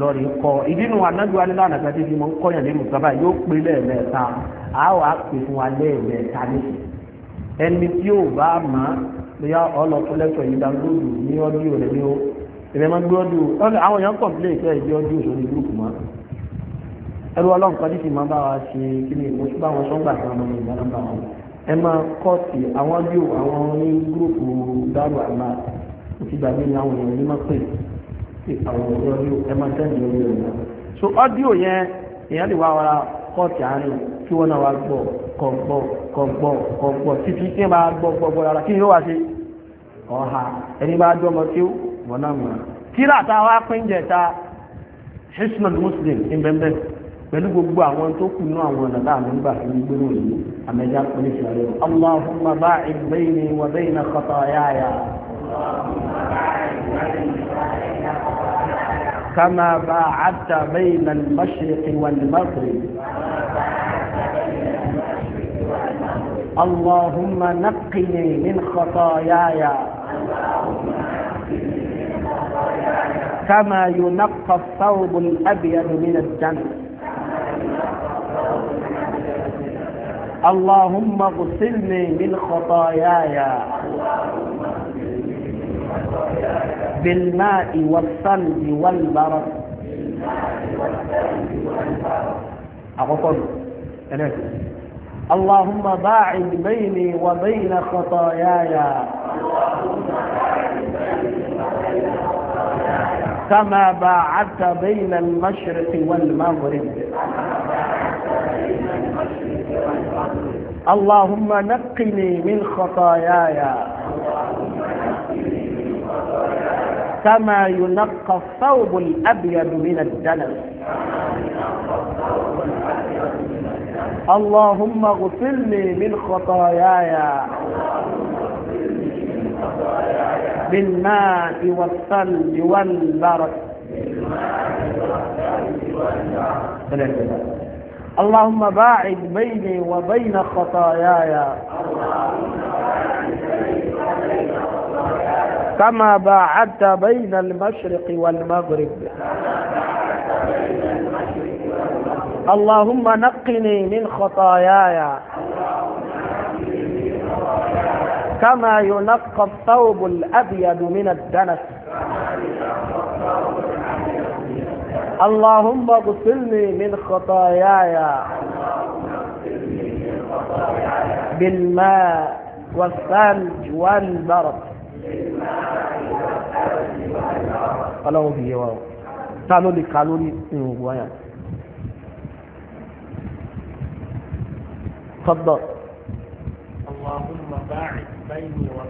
lọ́ọ̀rì kọ ìdínú anájúwa nílò ànàkà tí mo ń kọ́yàn nínú sábà yóò pé lẹ́ẹ̀mẹ́ta a ó wàá pè fún wa lẹ́ẹ̀mẹ́ta ní. ẹni tí ò bá mọ̀ bóyá ọlọ́pọ̀ yìí dá lóòdù ní ọdún òní ìrẹ́ gbé ọdún ọdún àwọn èèyàn kọ̀m̀plé ìfẹ́ ìgbé ọdún òṣòro gúrùpù mọ́ ẹrú ọlọ́run kan máa bá wa ṣe kí ni mo bá so ọdún yẹn èèyàn wá wara kọ́ọ̀tì àárín kí wọ́n náà wá gbọ́ kọ̀gbọ́ títí tí wọ́n bá gbọ́ rárá kí ni ó wá ṣe ọ̀hà ẹni bá dọ́mọ tí ó tíra tá a wá pín jẹta hisnul muslim ìbẹ̀m̀bẹ̀ pẹ̀lú gbogbo àwọn tó kù náà àwọn ọ̀nà táà nígbà fi ń gbérò yìí àmẹ́já pọ̀lìsì rẹ̀ allahumma ba'id bayni wa bayna khataaya كما باعدت بين المشرق والمغرب اللهم نقني من خطاياي كما ينقى الثوب الأبيض من الدم اللهم اغسلني من خطاياي بالماء والثلج والبرد اللهم باعد بيني وبين خطاياي اللهم باعد بيني وبين خطاياي كما باعدت بين المشرق والمغرب اللهم نقني من خطاياي كما ينقى الثوب الأبيض من الدنس اللهم اغفر لي من خطاياي بالماء والثلج والبرد اللهم باعد بيني وبين خطاياي كما باعدت بين المشرق والمغرب اللهم نقني من خطاياي كما ينقى الثوب الأبيض من الدنس اللهم اغسلني من خطاياي بالماء والثلج والبرد قالوا لي yé قالوا لي قالوا لي lè تفضل اللهم باعد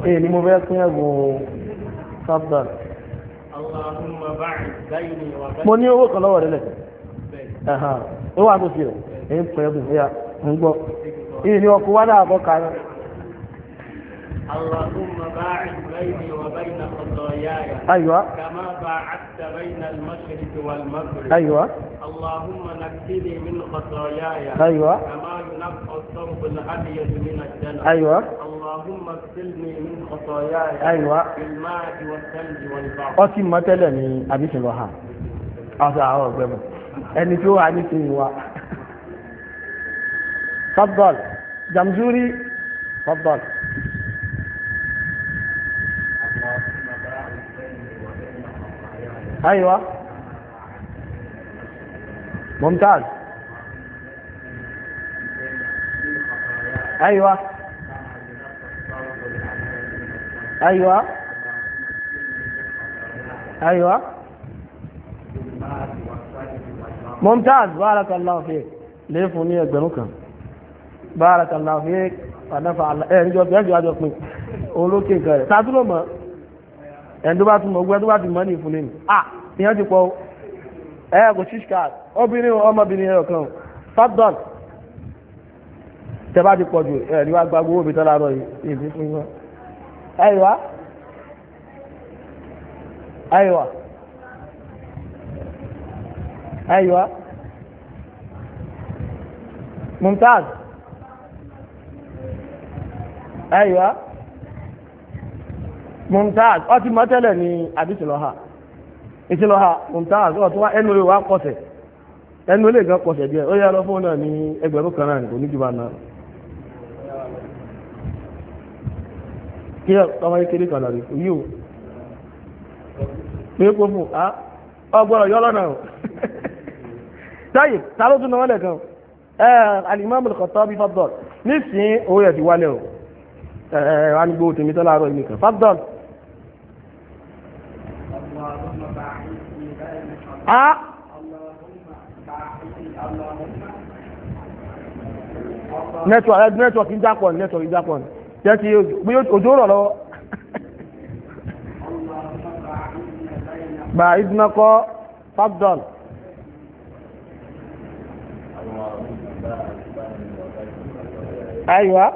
èyí ni mo fẹ́ pín ẹ̀bùn sábà mo ní owó kan lọ́wọ́ rẹ̀ ó wà tó fi rẹ̀ èyí pẹ̀lú ìyá ń gbọ́ èyí ni ọkọ̀ àkọ́kà náà اللهم باعد بيني وبين خطاياي أيوة كما باعدت بين المشرق والمغرب أيوة اللهم نكفني من خطاياي أيوة كما ينقى الثوب الأبيض من الدنس أيوة اللهم اغسلني من خطاياي أيوة بالماء والثلج والبحر أتي مثلا أبي سلوها أصعب أقول ẹni tí ó wà ní sinmi wa fọ́bọ̀l jamzuri fọ́bọ̀l. ايوه ممتاز ايوه ايوه ايوه ممتاز بارك الله فيك ليفوني فوني اجبنوك بارك الله فيك ونفع الله ايه نجوا بيجوا اجوا olókè nǹkan rẹ̀ tàbí ló ẹni tó bá tún mọ̀ gbẹ́ tó bá ti mọ́ ní ìfúnni nì à ah, ìyẹn ti pọ̀ ẹ kò ṣíṣ card obìnrin ọmọbìnrin ẹ̀rọ kan fabdon tẹ bá ti pọ̀ jù ẹ̀ ní wá gba gbogbo òbí tọ́lá rọ ìbí fún yín ẹ̀yọ́ ẹ̀yọ́ ẹ̀yọ́ mumtaz ẹ̀yọ́ mumtaz ọtí mọ́tẹ́lẹ̀ ni àbísìlọ́ha ìsìlọ́ha mumtaz ọtí wá ẹnu rẹ̀ wá kọsẹ̀ ẹnu lè gan kọsẹ̀ díẹ̀ ó yára fún náà ní ẹgbẹ̀rún kan náà kò ní jù bá náà kí ọmọ kékeré kan náà rí yíò pé kó fún ọgbọ́n yọ lọ́nà o [LAUGHS] táyì ta ló tún náà wọ́n lẹ̀ kan alimami Al-Khattabi fadọ́l nísìnyí owó yẹ̀ ti wálẹ̀ o ẹ̀ ẹ̀ wọ́n á láàárọ̀ ìmì kan a network eh, network ń jápọ̀ network ń jápọ̀ jẹ́ ti òjò rọ̀ lọ́wọ́ bá ìdúnakọ́ fabdol أيوة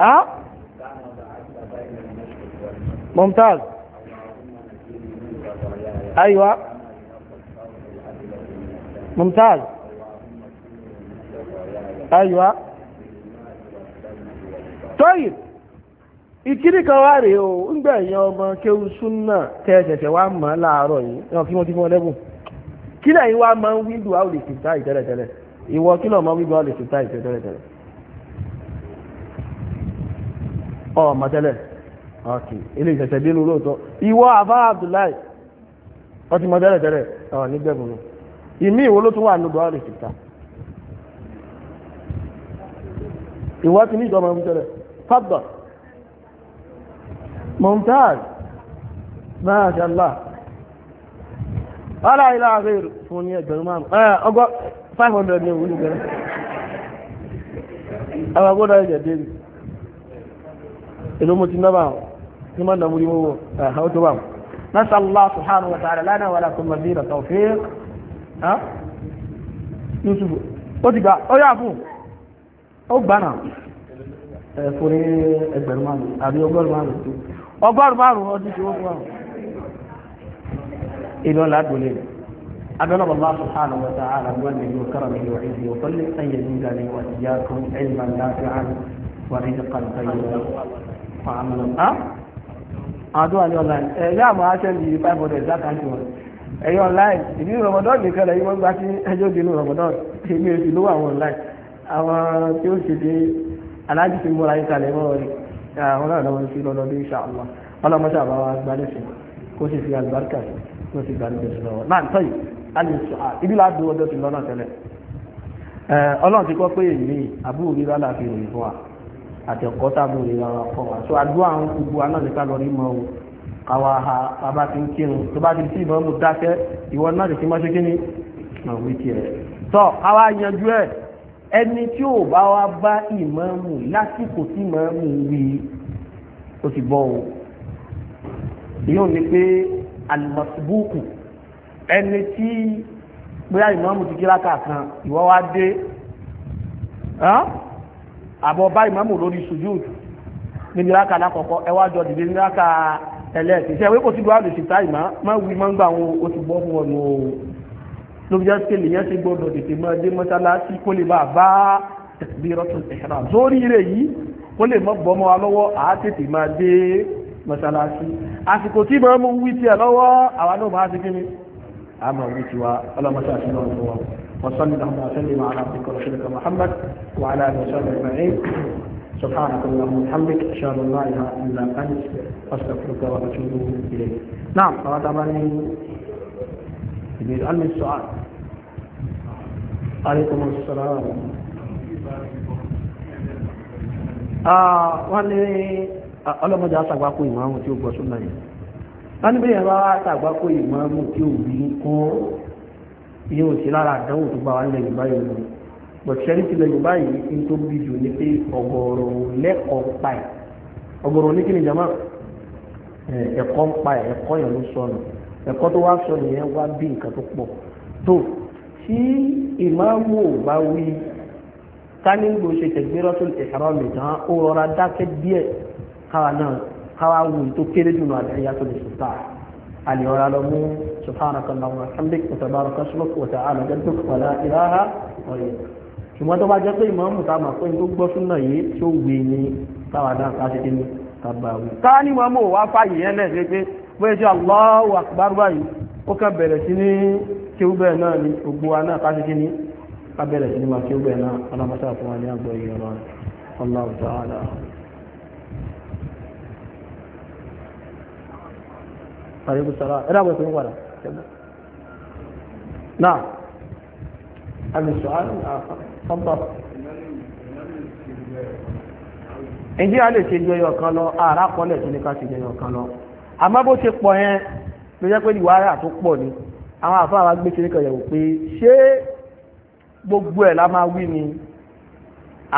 أه ممتاز أيوة ممتاز أيوة طيب ìkíní kan wá rèé o ńgbà èèyàn ọmọ kéwu súnà tẹ ṣẹ̀ṣẹ̀ wá mọ̀ ọ́ láàárọ̀ yìí náà kí wọ́n ti fún ọ lẹ́bùn kí lẹ́yìn wá máa ń wíńdù áwòlè kìtà ìtẹ́lẹ̀tẹ́lẹ̀ ìwọ kí lọ́ọ̀ máa ń wíńdù áwòlè kìtà ìtẹ́lẹ̀tẹ́lẹ̀ ọmọ tẹ́lẹ̀ ọkì ilé ìṣẹ̀ṣẹ̀ bínú lóòótọ́ ìwọ àbá Abdullahi ọtí mọ tẹ́lẹ̀tẹ́lẹ̀ ọ̀ nígbẹ̀bùn ìmí ìwó ló tún wà nùgbọ́ rẹ̀ síta ìwọ́ ti ní ìjọba ọmọ ìjọba fàbọ̀ mọ̀mtáàz máṣàlá wọ́n láì láàrin fún ní ẹgbẹ̀rún márùn ọgọ́ 500 ní òun nìgbẹ̀rún àwọn agbódà ẹ̀jẹ̀ dé èlò mo ti náà bá ní mọ́ nàmúrí mọ́wọ́ àwọn tó bá wọn نسأل الله سبحانه وتعالى لنا ولكم مزيد التوفيق yusufu ó ti gbà ó yà fún ó gbà náà ẹ̀fọ́ ní ẹgbẹ̀rún márùn-ún àbí ọgọ́rùn márùn-ún ọgọ́rùn márùn-ún ọdún tí ó fún àwọn إلى لا دليل أبلغ الله سبحانه وتعالى بوله وكرمه وعزه وفضله أن يزيدني وإياكم علما نافعا ورزقا طيبا وعملا أه؟ أدعو الله يا معاشر لي 500 زكاة ẹ̀yin online ìdí rọmọdọ́n nìkan lẹ́yìn wọ́n gbá sí ẹjọ́ dínú rọmọdọ́n èmi èsì ló wà wọn online àwọn tí ó ṣe dé aláàjì ti múra yín kalẹ̀ mọ́ rẹ̀ àwọn náà lọ́wọ́ sí lọ́dọọdún inshallah ọlọ́mọṣẹ́ àbáwá gbalẹ̀ṣẹ̀ kó sì fi àlùbáríkà kó sì gbalẹ̀ṣẹ̀ lọ́wọ́ náà tọ́yì ibi láàdó ọjọ́ ti lọ́nà tẹ́lẹ̀ ọlọ́run ti kọ́ pé èmi àbúrò rírá láàfin òyìnbó àtẹ̀kọ́ tábù rírá wa kọ́ wa so àdúrà gbogbo anáà nípa lọ káwa ha bàbá ti ń kírun tó bá ti sí ìbọn mú dákẹ́ ìwọ náà ti fi mọ́ ṣe kí ni mọ̀ wí tiẹ̀. tọ́ àwa yanjú ẹ̀ ẹni tí ò bá wá bá ìmáàmù lásìkò tí ìmáàmù wí ó ti bọ́ o yóò ní pé alimọ̀sibúùkù ẹni tí bóyá ìmáàmù ti kíra kàkan ìwọ wá dé àbọ̀ bá ìmáàmù lórí sùjúùdù níbi ráka lákọ̀ọ́kọ́ ẹ wá jọ dìde ní ráka ẹlẹ́ẹ̀kì sẹ́wé kò sí duwádùn sí táì máa máa wí máa ń gbà àwọn oṣù bọ́ fún ọ̀nà òun ló fi jẹ́ sílẹ̀ yẹn ṣe gbọ́dọ̀ tètè máa dé mọ́sálásí kó lè bá a bá takbiratul ihram sórí rẹ̀ yìí kó lè mọ́ bọ́mọ́ wa lọ́wọ́ àá tètè máa dé mọ́sálásí àsìkò tí máa mú wí tiẹ̀ lọ́wọ́ àwa náà máa ṣe kí ni a máa wí tiwa ọlọ́mọṣáṣí náà lọ́wọ́ وصلى الله محمد وعلى اله وصحبه سبحانك اللهم وبحمدك اشهد ان لا اله الا انت استغفرك واتوب اليك نعم هذا من بيسالني السؤال عليكم السلام wọ́n ní ọlọ́mọdé aṣàgbákò ìmáàmù tí ó gbọ́ súnmọ́ yìí wọ́n ní bí ẹ̀rọ aṣàgbákò ìmáàmù tí ó bí kún yóò sí lára àdánwò tó bá nílẹ̀ ìgbáyé lónìí bọ̀tẹ́rì ti lọ yorùbá yìí kí n tó bí jù ní pé ọ̀gọ̀rọ̀ lẹ́kọ̀ọ́ pa ẹ̀ ọ̀gọ̀rọ̀ ní kí ni jama ẹ̀kọ́ ń pa ẹ̀ ẹ̀kọ́ yẹn ló sọnù ẹ̀kọ́ tó wá sọnù yẹn wá bí nǹkan tó pọ̀ tó tí ìmáàmù ò bá wí tani ń gbòòṣe tẹ̀gbẹ́rọ́tò ìṣàrọ̀ mi tán ó rọra dákẹ́ díẹ̀ káwa náà káwa wù tó kéré jùlọ علي ولا سبحانك اللهم وبحمدك وتبارك اسمك وتعالى جدك ولا إله غيرك ṣùgbọ́n tó bá jẹ́ pé ìmọ̀ọ́mù tá a mọ̀ pé tó gbọ́ súnà yìí tó wé ni táwa náà ká ṣe ni tàbáwí. ká ní mọ̀ọ́mù wá fàyè yẹn lẹ̀ ṣe pé bóyá ṣe Allahu Akbar báyìí ó kàn bẹ̀rẹ̀ sí ní kéwú bẹ́ẹ̀ náà ni gbogbo wa náà ní máa kéwú bẹ́ẹ̀ náà alámọ́sá ní àgbọ̀ ta'ala. Àríkú sara, ẹ̀rọ àwọn ìpínlẹ̀ wà náà. Náà, tọ́tọ̀ ǹjẹ́ a lè ṣe ju ẹyọ kan lọ ara kọ́lẹ̀ tó ní ká ṣe ju ẹyọ kan lọ àmọ́ bó ṣe pọ̀ yẹn ló jẹ́ pé ìwárà tó pọ̀ ni àwọn àfáà wa gbé ṣe níkan yẹ̀wò pé ṣé gbogbo ẹ̀ la máa wí ni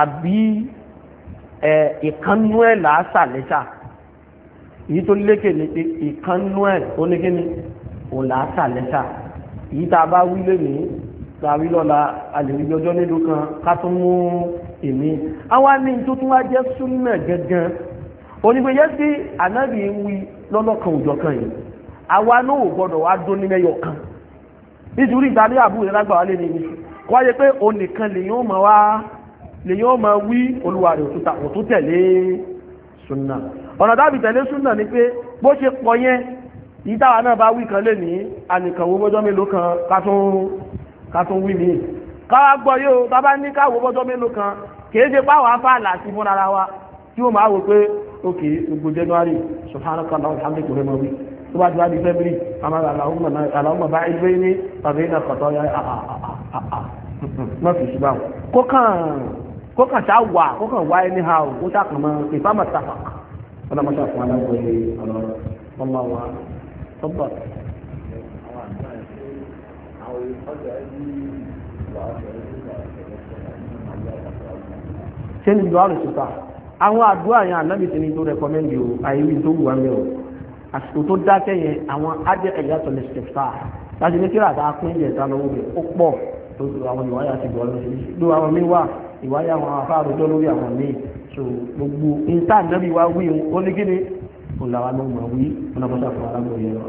àbí ìkannú ẹ̀ là á ṣàlẹ́ṣà èyí tó lékè ní pé ìkannú ẹ̀ ó ní kíni ò là á ṣàlẹ́ṣà tá a bá wí lónìí tàbí lọ́la àlèríjọjọ́ nílùú kan ká tún mú èmi àwa ní tó tún wá jẹ́ súnmà gẹ́gẹ́ onígbèyẹ́ sí ànábì ń wí lọ́lọ́kan òjọ̀ kan yìí àwa náà ò gbọ́dọ̀ wá dún ní mẹ́yọ̀ kan nítorí ìtàlẹ́ àbúrò lágbà wálé ní ìṣù kó wáyé pé òun nìkan lèyàn máa wá lèyàn máa wí olúwa rẹ̀ òtún tẹ̀lé súnà ọ̀nà dábì tẹ̀lé súnà ni pé bó ṣe pọ̀ yẹn ìtawà náà bá wí kan lé ní ànìkànwó gbọ́jọ́ mélòó kan ká tún kátó wí mi káwá gbọ́ yóò bàbá ní káwọ́ bọ́jọ́ mélòó kan kìí ṣe báwọn afáàlà sí fún ara wa tí ó máa wò pé òkè gbogbo january subhanakallah alhamdulilayi kò rẹ́ mọ́ wí tó bá ti wá di fẹ́bírì àmàlà àlàó bá ilé ní tàbí iná kọ̀tọ́ yá mọ́fì sí báwọn kókàn ṣá wà kókàn wá ẹni ha ò kó ṣàkàn mọ́ ìfámà sáfà ọlọ́mọṣà fún aláwọ̀ ọlọ́rọ̀ ọlọ́wà tọ́gbà ṣé ní ìlú àrùn ṣùgbà àwọn àdúrà yẹn ànábì tí ní tó rẹkọmẹ́ndì o àìrí tó wù wá mẹ́ o àsìkò tó dákẹ́ yẹn àwọn adé ẹ̀yà tó lè ṣe fà láti ní kíra àtà pín ìjẹ̀ ìta lọ́wọ́ ó pọ̀ tó àwọn ìwáyà ti bọ̀ lọ́sí ló àwọn mi wà ìwáyà àwọn afá àròjọ lórí àwọn mi so gbogbo níta ànábì wa wí ó ní kíni ó làwọn àmọ́ wí ó náà bọ́ sáfọ́ alágbòye lọ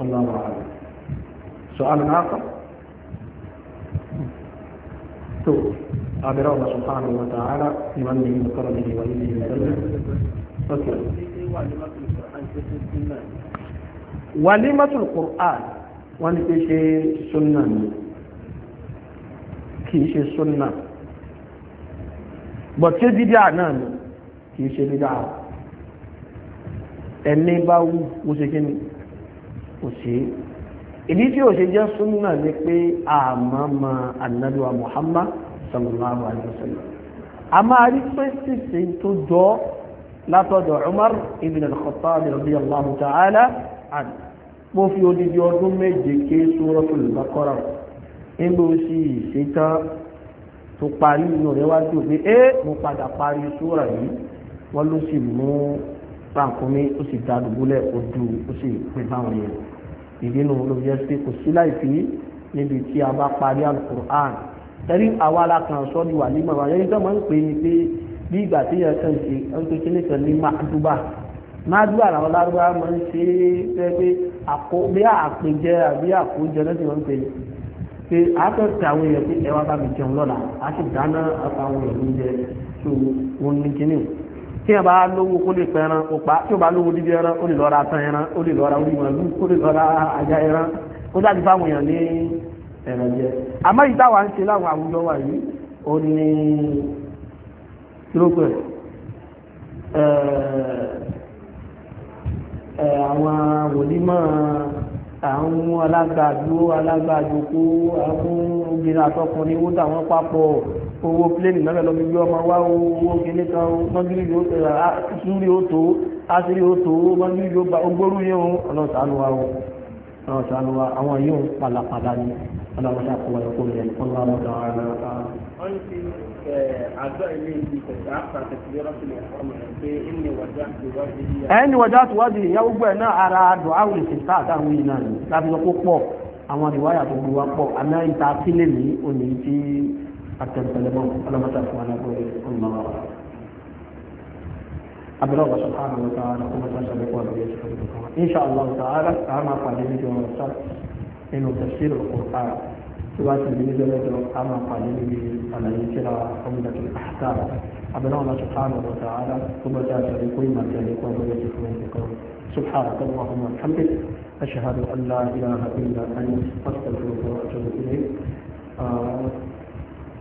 ó lọ́wọ́ àlọ́ so àmì náà kọ́ so abẹ́rẹ́ ọ̀la subhanahu wa ta'ala ni wọ́n ní ìlú kọ́rọ̀ níbi wọ́n ní ìlú tẹ́lẹ̀ ok. walimatul qur'an wọ́n ní pé ṣe sunna ni kì í ṣe sunna bọ̀ tí dídá náà ni kì ṣe dídá ẹni bá wù ó ṣe kí ni kò sí ìdí tí ó ṣe jẹ́ súnmọ́ ní pé àmọ́mọ́ annabiwa muhammad sallallahu alaihi wasallam a máa rí pé sísè tó jọ látọ̀dọ̀ umar ibn al-khattab radiyallahu ta'ala an mo fi odidi ọdún méje ké suratul baqara nígbà ó sì ṣetán tó parí inú rẹ̀ wá ló sì mú pàǹkúmí ó sì dá dùbúlẹ̀ ojú ó sì pè báwọn yẹn ìdínú ló fi jẹ́ pé kò sí láìpí níbi tí a bá parí alukur'an tẹ́rí àwa alákan sọ ni wà nímọ̀ wáyé nígbà máa ń pè ní pé bí ìgbà tí yẹn kàn ṣe ń pè kí nìkan ní máàdúbà máàdúbà làwọn lárúbáwá máa ń ṣe é pé àkó bí àpèjẹ àbí àkójẹ náà sì máa ń pè ní pé àtọ̀tẹ̀ àwọn èèyàn pé ẹ wá bá mi jẹun lọ́la a sì dáná àtàwọn èèyàn lóúnjẹ tó wọn ní kíní tí a bá lówó kó lè pẹ ẹran kó pa tí o bá lówó dídí ẹran ó lè lọ ra tan ẹran ó lè lọ ra orí màlúù ó lè lọ ra ajá ẹran ó dájú fáwọn èèyàn ní ẹran jẹ àmọ́ yìí táwa ń ṣe láwọn àwùjọ wa yìí ó ní kílókù ẹ ẹ àwọn wòlímọ̀ àwọn alágbàdo alágbàdo kó àwọn obìnrin àtọkùnrin ó dà wọ́n papọ̀ owó pléènì náà lọ́mí yọ ọmọ wá owó kìíní kan mọ́gírí ó tó ásírí ó tó mọ́gírí ó bá ogbóró yẹn o ọlọ́sàánú wa o ọlọ́sàánú wa àwọn yóò palapala ní ọlọ́mọdé àkọwọ́lọ́ kó lẹ́nu ọlọ́mọdé àwọn ará rẹ̀ ká. wọ́n ti àgbọ̀ ilé ìgbésẹ̀ sáfà tẹ̀síwọ́n sílẹ̀ fọ́ọ̀mù rẹ̀ pé ẹni wàjá àtiwádìí. ẹni ara dùn áwùn ìsìnká àtàwọn yìí náà ní láti lọ kó pọ̀ àwọn ìwáyà tó gbowó pọ̀ àmọ́ ìta sílẹ̀ ní òní tí حتى يسلمون فلم تعفو على أبوه الله سبحانه وتعالى قوة إيه؟ سبحانه إن شاء الله تعالى أما قادمي جوا السبت إنه تفسير القرآن سواء تلميذ أما قادمي على يسرى عمدة الأحكام الله سبحانه وتعالى قوة سبق ما سبحانه إيه؟ إيه؟ وتعالى سبحانك اللهم وبحمدك أشهد أن لا إله إلا أنت أستغفرك وأتوب إليك آه،